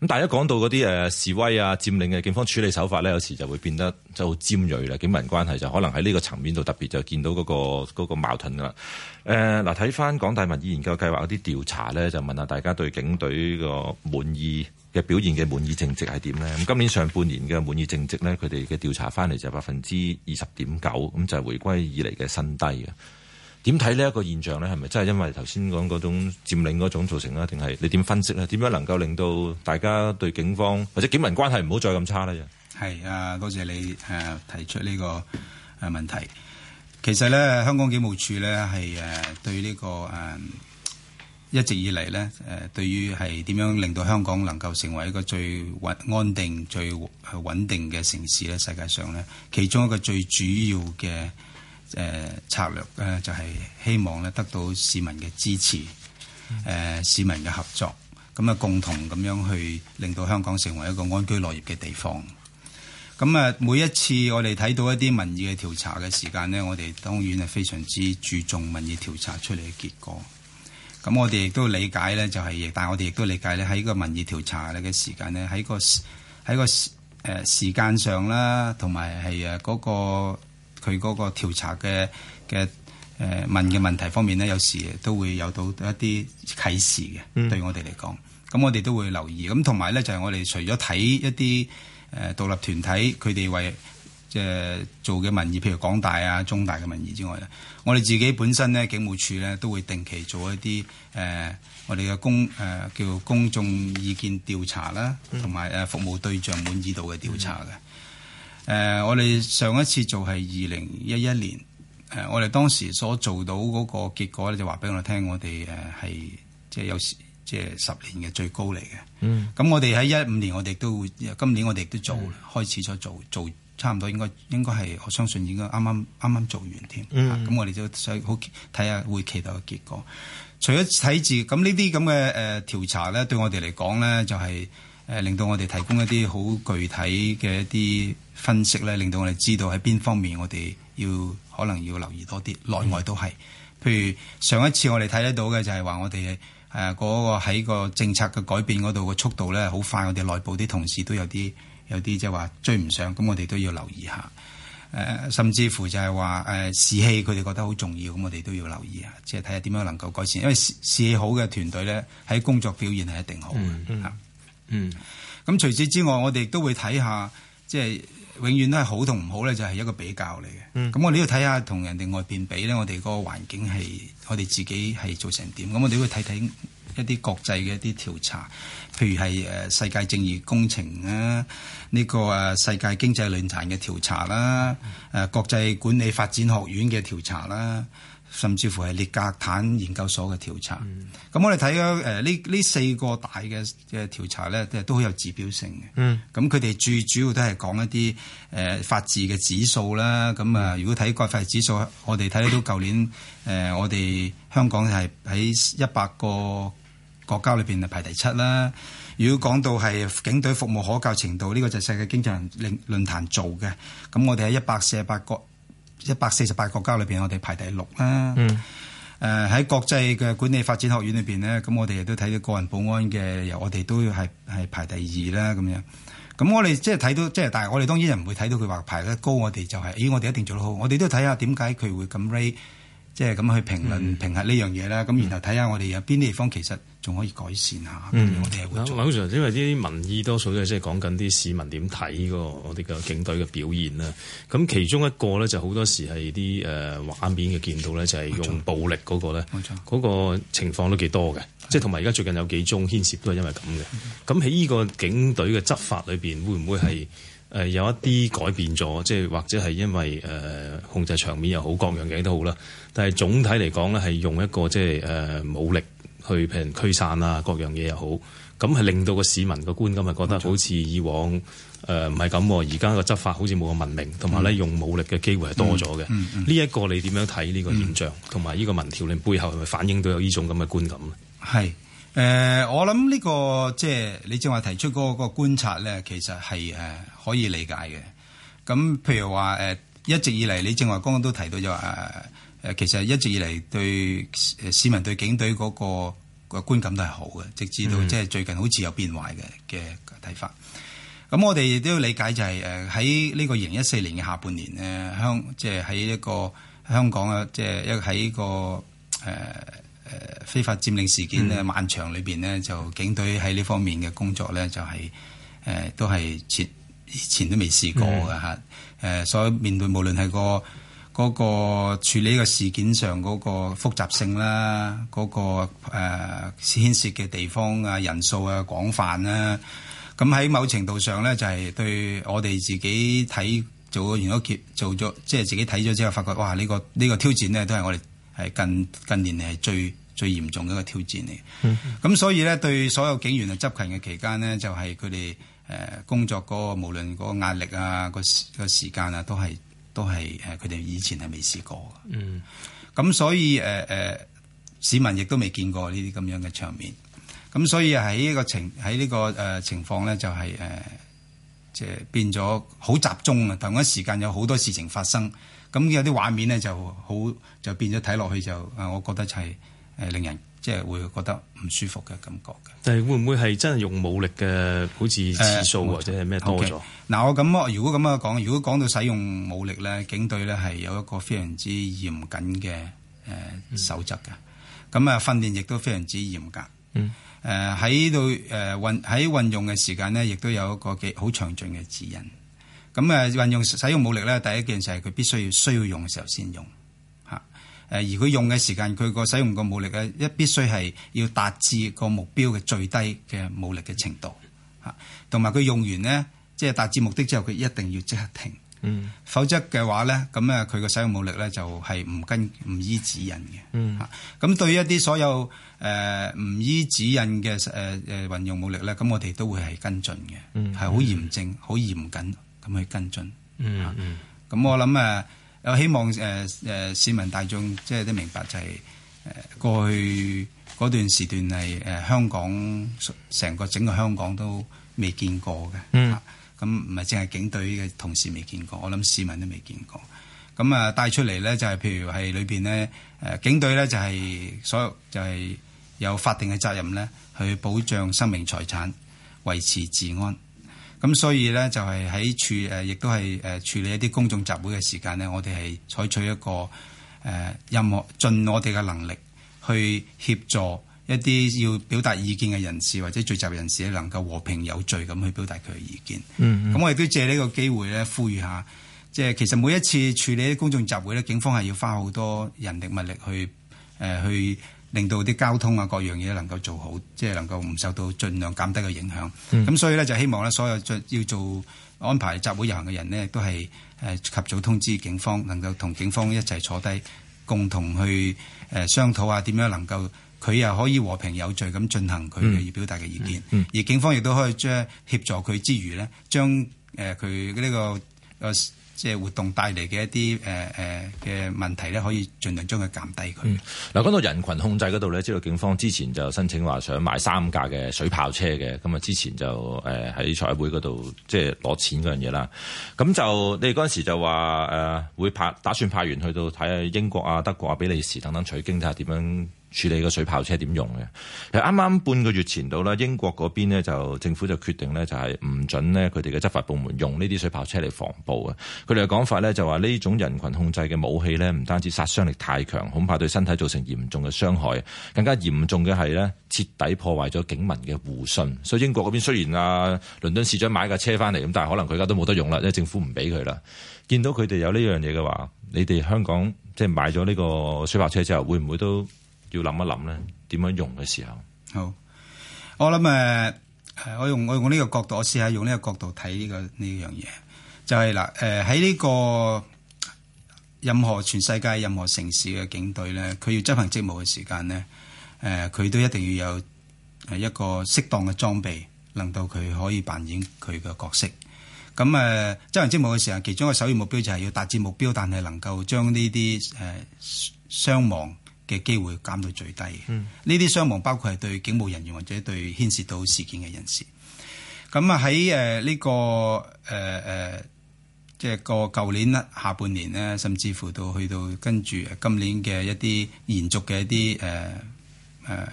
咁大家講到嗰啲誒示威啊、佔領嘅警方處理手法咧，有時就會變得就好尖鋭啦。警民關係就可能喺呢個層面度特別就見到嗰、那個那個矛盾啦。誒、呃、嗱，睇翻港大民意研究計劃有啲調查咧，就問下大家對警隊個滿意嘅表現嘅滿意淨值係點咧？咁、嗯、今年上半年嘅滿意淨值咧，佢哋嘅調查翻嚟就百分之二十點九，咁就係回歸以嚟嘅新低嘅。點睇呢一個現象呢？係咪真係因為頭先講嗰種佔領嗰種造成啦，定係你點分析呢？點樣能夠令到大家對警方或者警民關係唔好再咁差咧？就係啊，多謝你誒、呃、提出呢個誒問題。其實呢，香港警務處呢係誒、啊、對呢、這個誒、呃、一直以嚟呢，誒、呃、對於係點樣令到香港能夠成為一個最穩安定、最穩定嘅城市呢？世界上呢，其中一個最主要嘅。誒、呃、策略咧就係希望咧得到市民嘅支持，誒、呃、市民嘅合作，咁啊共同咁樣去令到香港成為一個安居樂業嘅地方。咁啊每一次我哋睇到一啲民意嘅調查嘅時間呢，我哋當然係非常之注重民意調查出嚟嘅結果。咁我哋亦都理解呢，就係、是，但係我哋亦都理解呢，喺個民意調查嘅時間呢，喺個喺個誒時間上啦，同埋係誒嗰個。佢嗰個調查嘅嘅誒問嘅問題方面咧，有時都會有到一啲啟示嘅，嗯、對我哋嚟講，咁我哋都會留意。咁同埋咧，就係、是、我哋除咗睇一啲誒獨立團體，佢哋為即係、呃、做嘅民意，譬如港大啊、中大嘅民意之外咧，我哋自己本身咧警務處咧都會定期做一啲誒、呃、我哋嘅公誒、呃、叫公眾意見調查啦，同埋誒服務對象滿意度嘅調查嘅。嗯嗯誒，uh, 我哋上一次做係二零一一年，誒、uh，我哋當時所做到嗰個結果咧，就話俾我哋聽，我哋誒係即係有時即係十年嘅最高嚟嘅。嗯，咁我哋喺一五年，我哋都今年我哋都做，開始咗做，做差唔多應該應該係我相信應該啱啱啱啱做完添。嗯，咁、啊、我哋就想好睇下會期待嘅結果。除咗睇字，咁、呃、呢啲咁嘅誒調查咧，對我哋嚟講咧，就係、是。誒令到我哋提供一啲好具體嘅一啲分析咧，令到我哋知道喺邊方面我哋要可能要留意多啲，內外都係，譬如上一次我哋睇得到嘅就係話，我哋誒嗰個喺個政策嘅改變嗰度嘅速度咧好快，我哋內部啲同事都有啲有啲即係話追唔上，咁我哋都要留意下。誒、呃，甚至乎就係話誒士氣佢哋覺得好重要，咁我哋都要留意下，即係睇下點樣能夠改善。因為士，士氣好嘅團隊咧，喺工作表現係一定好嘅。嗯，咁除此之外，我哋亦都會睇下，即係永遠都係好同唔好咧，就係、是、一個比較嚟嘅。咁、嗯、我哋要睇下同人哋外邊比咧，我哋個環境係我哋自己係做成點。咁我哋會睇睇一啲國際嘅一啲調查，譬如係誒世界正義工程啊，呢個誒世界經濟論壇嘅調查啦，誒國際管理發展學院嘅調查啦。甚至乎係列格坦研究所嘅調查，咁、嗯、我哋睇咗誒呢呢四個大嘅嘅調查咧，都好有指標性嘅。咁佢哋最主要都係講一啲誒、呃、法治嘅指數啦。咁啊、呃，如果睇法治指數，我哋睇到舊年誒、呃，我哋香港係喺一百個國家裏邊啊排第七啦。如果講到係警隊服務可靠程度呢、這個，就係世界經濟人論論壇做嘅，咁我哋喺一百四十八個。一百四十八國家裏邊，我哋排第六啦。誒喺、嗯呃、國際嘅管理發展學院裏邊呢，咁我哋亦都睇到個人保安嘅，由我哋都係係排第二啦咁樣。咁我哋即係睇到，即係但係我哋當然又唔會睇到佢話排得高，我哋就係、是、咦，我哋一定做得好。我哋都睇下點解佢會咁 rate 即係咁去評論、嗯、評核呢樣嘢啦。咁然後睇下我哋有邊啲地方其實。仲可以改善下，我哋係會。通常因為啲民意多數都係即係講緊啲市民點睇嗰個我哋嘅警隊嘅表現啦。咁其中一個咧就好多時係啲誒畫面嘅見到咧就係用暴力嗰、那個咧，冇錯。嗰個情況都幾多嘅。即係同埋而家最近有幾宗牽涉都係因為咁嘅。咁喺呢個警隊嘅執法裏邊，會唔會係誒、呃、有一啲改變咗？即、就、係、是、或者係因為誒、呃、控制場面又好，各樣嘢都好啦。但係總體嚟講咧，係用一個即係誒武力。去被人驅散啊，各樣嘢又好，咁係令到個市民個觀感錯、呃、啊，覺得好似以往誒，唔係咁，而家個執法好似冇咁文明，同埋咧用武力嘅機會，係多咗嘅。呢、嗯、一、嗯、個你點樣睇呢個現象，同埋呢個民調令背後，係咪反映到有呢種咁嘅觀感咧？係誒、呃，我諗呢、這個即係、就是、你正話提出嗰個觀察咧，其實係誒、呃、可以理解嘅。咁譬如話誒、呃，一直以嚟你正話剛剛都提到咗誒。呃呃誒其實一直以嚟對誒市民對警隊嗰個個觀感都係好嘅，直至到即係最近好似有變壞嘅嘅睇法。咁、嗯、我哋都要理解就係誒喺呢個二零一四年嘅下半年呢，香即係喺一個香港啊，即、就、係、是、一喺個誒誒、呃、非法佔領事件嘅漫長裏邊呢就警隊喺呢方面嘅工作咧、就是，就係誒都係前以前都未試過嘅嚇誒，嗯、所以面對無論係個。嗰個處理呢個事件上嗰個複雜性啦，嗰、那個誒、呃、牽涉嘅地方啊、人數啊、廣泛啊，咁喺某程度上咧，就係、是、對我哋自己睇做完咗做咗，即係自己睇咗之後，發覺哇，呢、這個呢、這個挑戰咧，都係我哋係近近年嚟係最最嚴重嘅一個挑戰嚟。咁 <laughs> 所以咧，對所有警員啊，執勤嘅期間呢，就係佢哋誒工作嗰個無論嗰個壓力啊、個、那個時間啊，都係。都係誒佢哋以前係未試過，嘅。嗯，咁所以誒誒、呃、市民亦都未見過呢啲咁樣嘅場面。咁所以喺呢個情喺呢、呢個誒、呃、情況咧、就係呃，就係誒即係變咗好集中啊！同一時間有好多事情發生，咁有啲畫面咧就好就變咗睇落去就誒，我覺得就係誒令人。即係會覺得唔舒服嘅感覺嘅。但係會唔會係真係用武力嘅？好似次數、呃、或者係咩多咗？嗱，okay. 我咁啊，如果咁樣講，如果講到使用武力咧，警隊咧係有一個非常之嚴謹嘅誒守則嘅。咁、呃、啊、嗯、訓練亦都非常之嚴格。誒喺度誒運喺運用嘅時間咧，亦都有一個幾好詳盡嘅指引。咁、嗯、啊運用使用武力咧，第一件事係佢必須需要需要用嘅時候先用。誒而佢用嘅時間，佢個使用個武力誒，一必須係要達至個目標嘅最低嘅武力嘅程度嚇，同埋佢用完呢，即係達至目的之後，佢一定要即刻停，嗯、否則嘅話呢，咁啊佢個使用武力呢，就係唔跟唔依指引嘅，嗯嚇，咁對於一啲所有誒唔、呃、依指引嘅誒誒運用武力呢，咁我哋都會係跟進嘅，嗯，嗯，係好嚴正、好嚴謹咁去跟進，嗯咁我諗誒。我希望誒誒、呃呃、市民大眾即係都明白就係、是、誒、呃、過去嗰段時段係誒、呃、香港成個整個香港都未見過嘅，咁唔係淨係警隊嘅同事未見過，我諗市民都未見過。咁、嗯、啊帶出嚟咧就係、是、譬如係裏邊咧誒警隊咧就係所有就係有法定嘅責任咧去保障生命財產、維持治安。咁所以呢，就係、是、喺處誒，亦都係誒處理一啲公眾集會嘅時間呢，我哋係採取一個誒、呃，任何盡我哋嘅能力去協助一啲要表達意見嘅人士或者聚集人士，能夠和平有序咁去表達佢嘅意見。咁、嗯嗯嗯、我亦都借呢個機會咧，呼籲下，即係其實每一次處理一啲公眾集會咧，警方係要花好多人力物力去誒、呃、去。令到啲交通啊，各樣嘢能夠做好，即係能夠唔受到盡量減低嘅影響。咁、嗯、所以咧，就希望咧，所有要做安排集會遊行嘅人呢，都係誒、呃、及早通知警方，能夠同警方一齊坐低，共同去誒、呃、商討下點樣能夠佢又可以和平有序咁進行佢嘅要表達嘅意見。嗯嗯、而警方亦都可以將協助佢之餘呢，將誒佢呢個。誒、呃。即係活動帶嚟嘅一啲誒誒嘅問題咧，可以盡量將佢減低佢。嗱、嗯，講到人群控制嗰度咧，知道警方之前就申請話想買三架嘅水炮車嘅，咁啊之前就誒喺賽會嗰度即係攞錢嗰樣嘢啦，咁就你嗰陣時就話誒、呃、會派打算派員去到睇下英國啊、德國啊、比利時等等取經睇下點樣，處理個水炮車點用嘅？其實啱啱半個月前到啦，英國嗰邊呢就政府就決定呢，就係唔准呢。佢哋嘅執法部門用呢啲水炮車嚟防暴嘅。佢哋嘅講法呢，就話呢種人群控制嘅武器呢，唔單止殺傷力太強，恐怕對身體造成嚴重嘅傷害。更加嚴重嘅係呢，徹底破壞咗警民嘅互信。所以英國嗰邊雖然啊，倫敦市長買架車翻嚟咁，但係可能佢而家都冇得用啦，因為政府唔俾佢啦。見到佢哋有呢樣嘢嘅話，你哋香港即係、就是、買咗呢個水炮車之後，會唔會都？要諗一諗咧，點樣用嘅時候？好，我諗誒、呃，我用我用呢個角度，我試下用呢個角度睇呢、這個呢樣嘢，就係嗱誒喺呢個任何全世界任何城市嘅警隊咧，佢要執行職務嘅時間咧，誒、呃、佢都一定要有誒一個適當嘅裝備，令到佢可以扮演佢嘅角色。咁、嗯、誒、呃、執行職務嘅時候，其中嘅首要目標就係要達至目標，但係能夠將呢啲誒傷亡嘅機會減到最低嘅呢啲傷亡，包括係對警務人員或者對牽涉到事件嘅人士。咁啊喺誒呢個誒誒、呃，即係個舊年下半年咧，甚至乎到去到跟住今年嘅一啲延續嘅一啲誒誒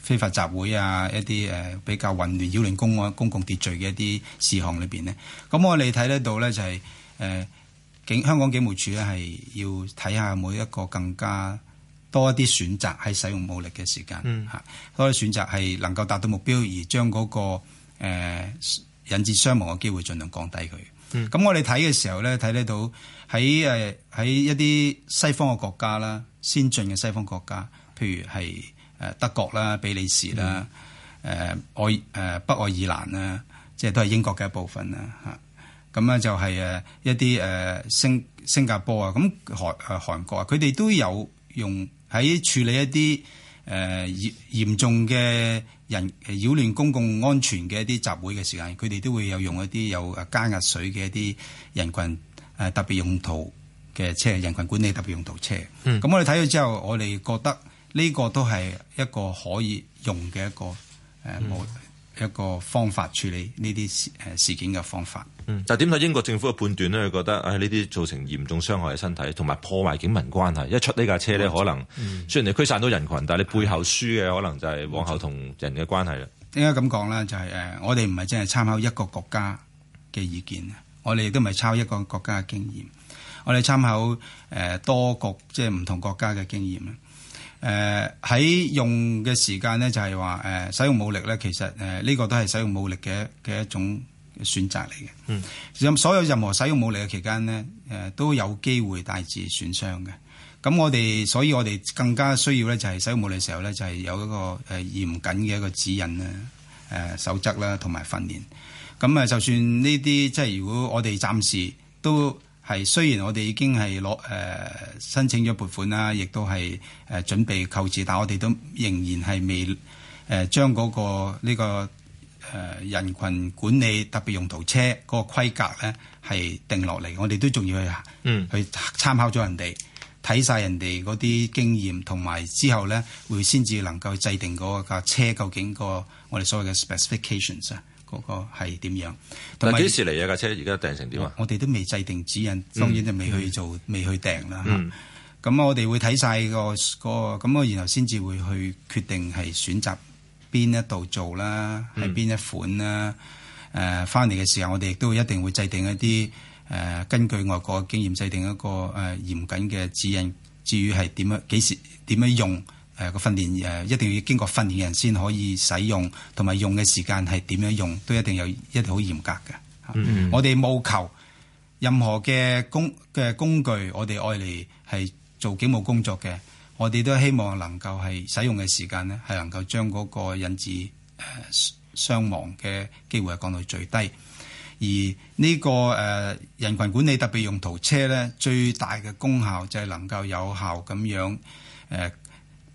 非法集會啊，一啲誒、呃、比較混亂擾亂公安公共秩序嘅一啲事項裏邊咧。咁我哋睇得到呢、就係，就係誒警香港警務處咧，係要睇下每一個更加。多一啲選擇喺使用武力嘅時間，嚇、嗯、多啲選擇係能夠達到目標而將嗰、嗰個、呃、引致傷亡嘅機會盡量降低佢。咁、嗯、我哋睇嘅時候咧，睇得到喺誒喺一啲西方嘅國家啦，先進嘅西方國家，譬如係誒德國啦、比利時啦、誒愛誒北愛爾蘭啦，即係都係英國嘅一部分啦，嚇。咁咧就係誒一啲誒星新加坡啊，咁韓誒韓國啊，佢哋都有用。喺處理一啲誒、呃、嚴重嘅人擾亂公共安全嘅一啲集會嘅時間，佢哋都會有用一啲有加壓水嘅一啲人群誒、呃、特別用途嘅車，人群管理特別用途車。咁、嗯、我哋睇咗之後，我哋覺得呢個都係一個可以用嘅一個誒模。呃嗯一個方法處理呢啲事誒事件嘅方法。嗯，但係點解英國政府嘅判斷咧？佢覺得啊，呢、哎、啲造成嚴重傷害嘅身體，同埋破壞警民關係。一出呢架車咧，錯可能、嗯、雖然你驅散到人群，但係你背後輸嘅可能就係往後同人嘅關係啦。應該咁講啦，就係、是、誒，我哋唔係真係參考一個國家嘅意見，我哋亦都唔係參考一個國家嘅經驗，我哋參考誒、呃、多國即係唔同國家嘅經驗啦。誒喺、呃、用嘅時間咧，就係話誒使用武力咧，其實誒呢、呃這個都係使用武力嘅嘅一,一種選擇嚟嘅。嗯，任所有任何使用武力嘅期間呢，誒、呃、都有機會大致損傷嘅。咁我哋，所以我哋更加需要咧，就係、是、使用武力嘅時候咧，就係、是、有一個誒、呃、嚴謹嘅一個指引啦、誒、呃、守則啦同埋訓練。咁啊，就算呢啲即係如果我哋暫時都。係雖然我哋已經係攞誒申請咗撥款啦，亦都係誒、呃、準備購置，但係我哋都仍然係未誒、呃、將嗰、那個呢個誒人群管理特別用途車嗰個規格咧係定落嚟。我哋都仲要去去參考咗人哋，睇晒人哋嗰啲經驗，同埋之後咧會先至能夠制定嗰架車究竟個我哋所謂嘅 specifications。嗰個係點樣？同埋幾時嚟啊？架車而家訂成點啊？我哋都未制定指引，當然就未去做，嗯、未去訂啦。咁、嗯、我哋會睇晒、那個個咁我然後先至會去決定係選擇邊一度做啦，係邊一款啦。誒、嗯，翻嚟嘅時候，我哋亦都一定會制定一啲誒、呃，根據外國嘅經驗制定一個誒、呃、嚴謹嘅指引，至於係點啊，幾時點樣用。誒，個訓練誒，一定要經過訓練嘅人先可以使用，同埋用嘅時間係點樣用都一定有一定好嚴格嘅。Mm hmm. 我哋務求任何嘅工嘅工具，我哋愛嚟係做警務工作嘅，我哋都希望能夠係使用嘅時間呢係能夠將嗰個引致誒、呃、傷亡嘅機會係降到最低。而呢、呢個誒、呃、人群管理特別用途車呢，最大嘅功效就係能夠有效咁樣誒。呃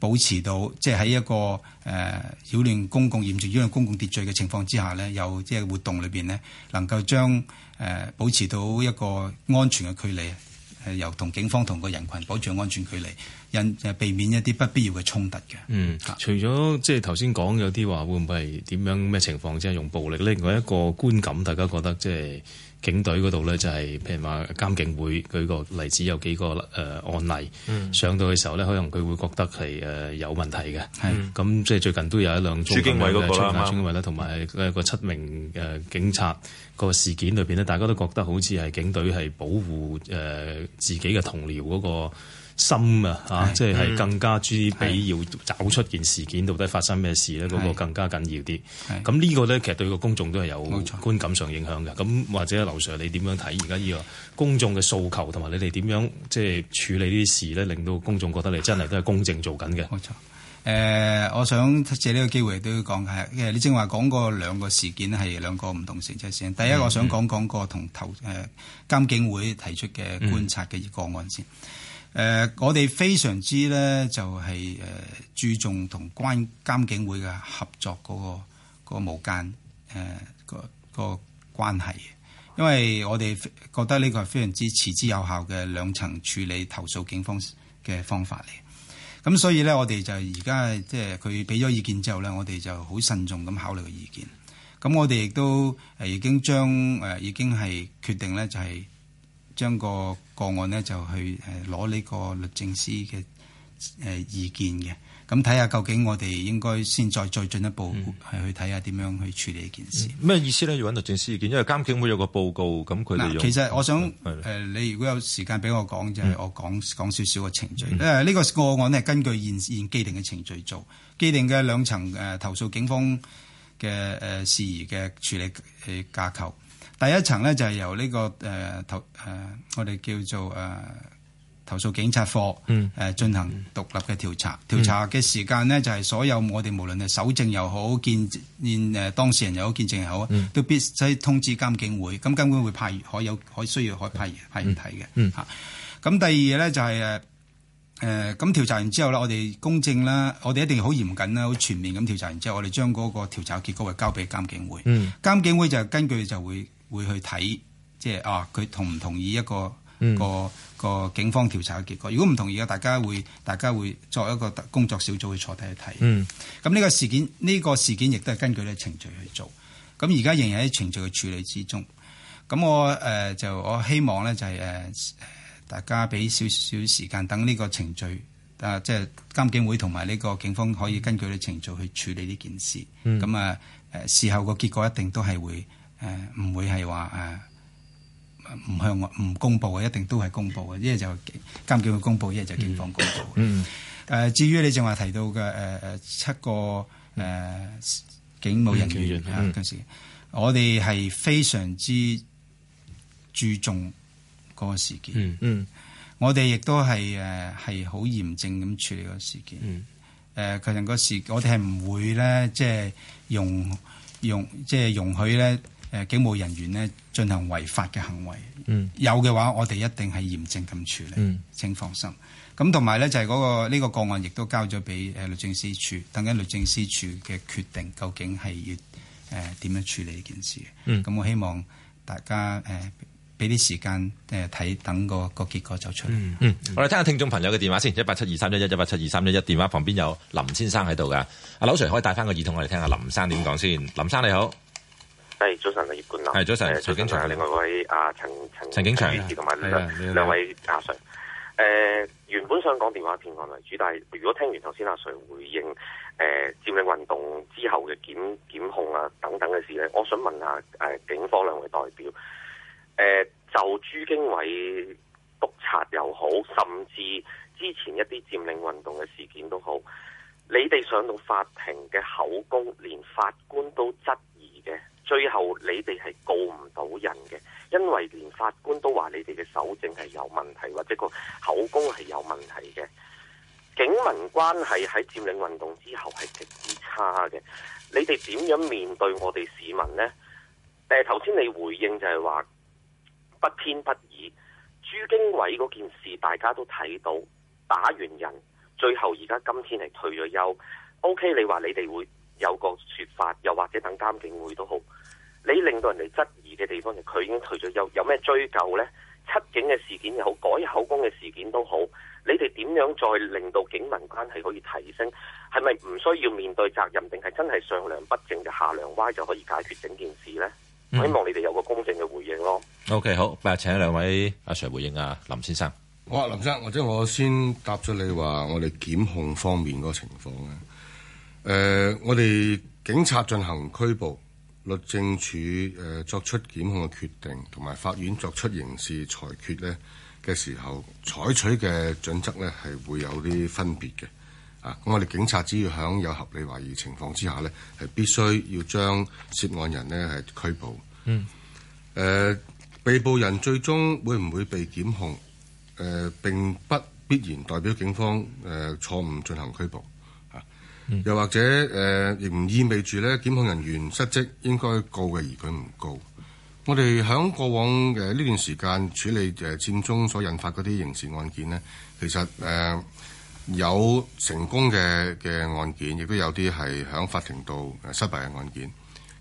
保持到即係喺一個誒、呃、擾，擾亂公共秩序、嚴重擾亂公共秩序嘅情況之下呢，有即係活動裏邊呢能夠將誒、呃、保持到一個安全嘅距離，係由同警方同個人群保障安全距離，因避免一啲不必要嘅衝突嘅。嗯，除咗即係頭先講有啲話，會唔會係點樣咩情況，即係用暴力呢？另外一個觀感，大家覺得即係。警隊嗰度咧就係，譬如話監警會舉個例子有幾個誒案例，嗯、上到嘅時候咧，可能佢會覺得係誒有問題嘅。咁即係最近都有一兩宗朱經緯嗰個啊嘛，朱經緯咧同埋一個七名誒警察個事件裏邊呢，大家都覺得好似係警隊係保護誒自己嘅同僚嗰、嗰個。心啊，嚇是，即係更加之比要，要找出件事件到底發生咩事咧，嗰是個更加緊要啲。咁是呢個咧，其實對個公眾都係有觀感上影響嘅。咁錯或者劉 sir，你點樣睇而家呢個公眾嘅訴求，同埋你哋點樣即係處理呢啲事咧，令到公眾覺得你真係都係公正做緊嘅？冇錯。誒、呃，我想借呢個機會都要講下，你正話講過兩個事件係兩個唔同性質先。第一，嗯、我想講講個同投監警會提出嘅觀察嘅個案先。嗯嗯誒、呃，我哋非常之咧，就係、是、誒、呃、注重同關監警會嘅合作嗰、那個嗰、那個無間誒、呃、個個關係，因為我哋覺得呢個係非常之持之有效嘅兩層處理投訴警方嘅方法嚟。咁所以咧，我哋就而家即係佢俾咗意見之後咧，我哋就好慎重咁考慮個意見。咁我哋亦都係已經將誒、呃、已經係決定咧，就係、是。將個個案呢，就去攞呢個律政司嘅誒意見嘅，咁睇下究竟我哋應該先再再進一步係去睇下點樣去處理呢件事。咩、嗯、意思咧？要揾律政司意見，因為監警會有個報告，咁佢哋用，其實我想誒，的你如果有時間俾我講，就係、是、我講、嗯、講少少嘅程序。因呢、嗯啊這個呢個個案呢，根據現現既定嘅程序做既定嘅兩層誒、啊、投訴警方嘅誒、啊、事宜嘅處理誒架構。第一層呢，就係、是、由呢、這個誒投誒我哋叫做誒、呃、投訴警察課誒進行獨立嘅調查，調查嘅時間呢，就係、是、所有我哋無論係搜證又好見見誒、呃、當事人又好見證又好，都必須通知監警會。咁監警會派可有可需要可派派人睇嘅吓。咁、嗯嗯嗯啊、第二嘢咧就係誒誒咁調查完之後呢，我哋公正啦，我哋一定好嚴謹啦，好全面咁調查完之後，我哋將嗰個調查結果交俾監警會。監、嗯、警會就根據就會。會去睇，即係啊，佢同唔同意一個、嗯、個個警方調查嘅結果？如果唔同意嘅，大家會大家會作一個工作小組去坐低去睇。嗯，咁呢個事件呢、呢個事件亦都係根據啲程序去做。咁而家仍然喺程序嘅處理之中。咁我誒、呃、就我希望咧就係、是、誒、呃、大家俾少少時間等呢個程序啊，即係監警會同埋呢個警方可以根據啲程序去處理呢件事。嗯，咁啊誒事後個結果一定都係會。誒，唔、呃、會係話誒，唔、啊、向唔公布嘅，一定都係公布嘅。一係就監警會公布，一係就警方公布。誒、 <coughs> 呃，至於你正話提到嘅誒誒七個誒、呃、警務人員、 <coughs> 嗯、啊那個、時我哋係非常之注重嗰個事件。嗯，我哋亦都係誒係好嚴正咁處理個事件。誒、嗯啊，其實嗰時我哋係唔會咧，即係容容即係容許咧，誒警務人員咧進行違法嘅行為，嗯、有嘅話，我哋一定係嚴正咁處理，嗯、請放心。咁同埋咧就係嗰呢個個案，亦都交咗俾誒律政司處，等緊律政司處嘅決定，究竟係要誒點、呃、樣處理呢件事，咁我希望大家誒俾啲時間誒睇，等個個結果就出嚟。我哋聽下聽眾朋友嘅電話先，一八七二三一一一八七二三一一，電話旁邊有林先生喺度噶，阿劉 Sir 可以戴翻個耳筒我哋聽下林生點講、嗯、先。林生你好。係早晨，葉冠林。係早晨、呃，徐景祥，另外嗰位阿陳陳陳景祥，同埋兩位阿 Sir。誒，陳原本想講電話騙案，為主，但係如果聽完頭先阿 Sir 回應誒佔、呃、領運動之後嘅檢檢控啊等等嘅事咧，我想問下誒、呃、警方兩位代表，誒、呃、就朱經緯督察又好，甚至之前一啲佔領運動嘅事件都好，你哋上到法庭嘅口供，連法官都質。最後你哋係告唔到人嘅，因為連法官都話你哋嘅手證係有問題，或者個口供係有問題嘅。警民關係喺佔領運動之後係極之差嘅。你哋點樣面對我哋市民呢？誒、呃，頭先你回應就係話不偏不倚。朱經緯嗰件事大家都睇到，打完人，最後而家今天係退咗休。O、OK, K，你話你哋會。有個説法，又或者等監警會都好，你令到人哋質疑嘅地方係佢已經退咗，有有咩追究呢？七警嘅事件又好，改口供嘅事件都好，你哋點樣再令到警民關係可以提升？係咪唔需要面對責任，定係真係上梁不正下梁歪就可以解決整件事呢？嗯、我希望你哋有個公正嘅回應咯。OK，好，請兩位阿 Sir 回應啊，林先生。哇，林生，或者我先答咗你話我哋檢控方面個情況誒、呃，我哋警察進行拘捕，律政處誒、呃、作出檢控嘅決定，同埋法院作出刑事裁決咧嘅時候，採取嘅準則咧係會有啲分別嘅。啊，咁我哋警察只要喺有合理懷疑情況之下咧，係必須要將涉案人咧係拘捕。嗯。誒、呃，被捕人最終會唔會被檢控？誒、呃，並不必然代表警方誒、呃、錯誤進行拘捕。又或者誒、亦唔意味住咧，檢控人員失職，應該告嘅，而佢唔告。我哋響過往嘅呢段時間處理誒佔、呃、中所引發啲刑事案件咧，其實誒、呃、有成功嘅嘅案件，亦都有啲係響法庭度失敗嘅案件。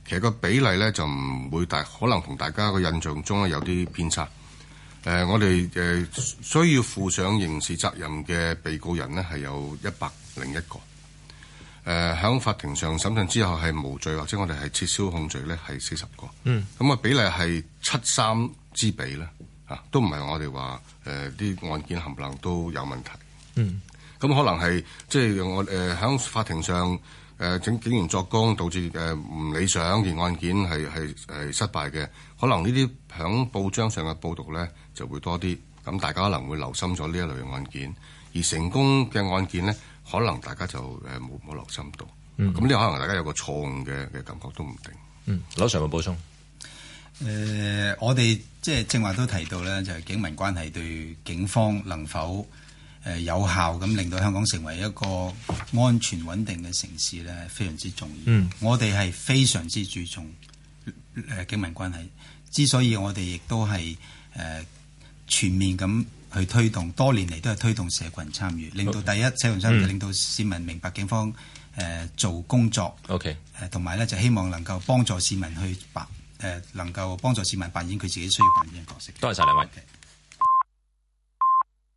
其實個比例咧，就唔會大，可能同大家嘅印象中咧有啲偏差。誒、呃、我哋誒、呃、需要負上刑事責任嘅被告人咧係有一百零一個。誒喺、呃、法庭上審訊之後係無罪或者我哋係撤銷控罪咧，係四十個，咁啊、嗯、比例係七三之比咧嚇、啊，都唔係我哋話誒啲案件冚唪唥都有問題，咁、嗯、可能係即係我誒喺法庭上誒警警員作供，導致誒唔、呃、理想件案件係係係失敗嘅，可能呢啲喺報章上嘅報道咧就會多啲，咁大家可能會留心咗呢一類案件，而成功嘅案件咧。可能大家就誒冇冇留心到，咁呢、嗯，可能大家有個錯誤嘅嘅感覺都唔定。嗯，老常有冇補充？誒、呃，我哋即係正話都提到咧，就係、警民關係對警方能否誒有效咁令到香港成為一個安全穩定嘅城市咧，非常之重要。嗯、我哋係非常之注重誒警民關係。之所以我哋亦都係誒全面咁。去推動多年嚟都係推動社群參與，令到第一 Okay. 社群參與，令到市民明白警方誒、呃、做工作，誒同埋咧就希望能夠幫助市民去扮誒、呃、能夠幫助市民扮演佢自己需要扮演嘅角色。多謝曬兩位。Okay.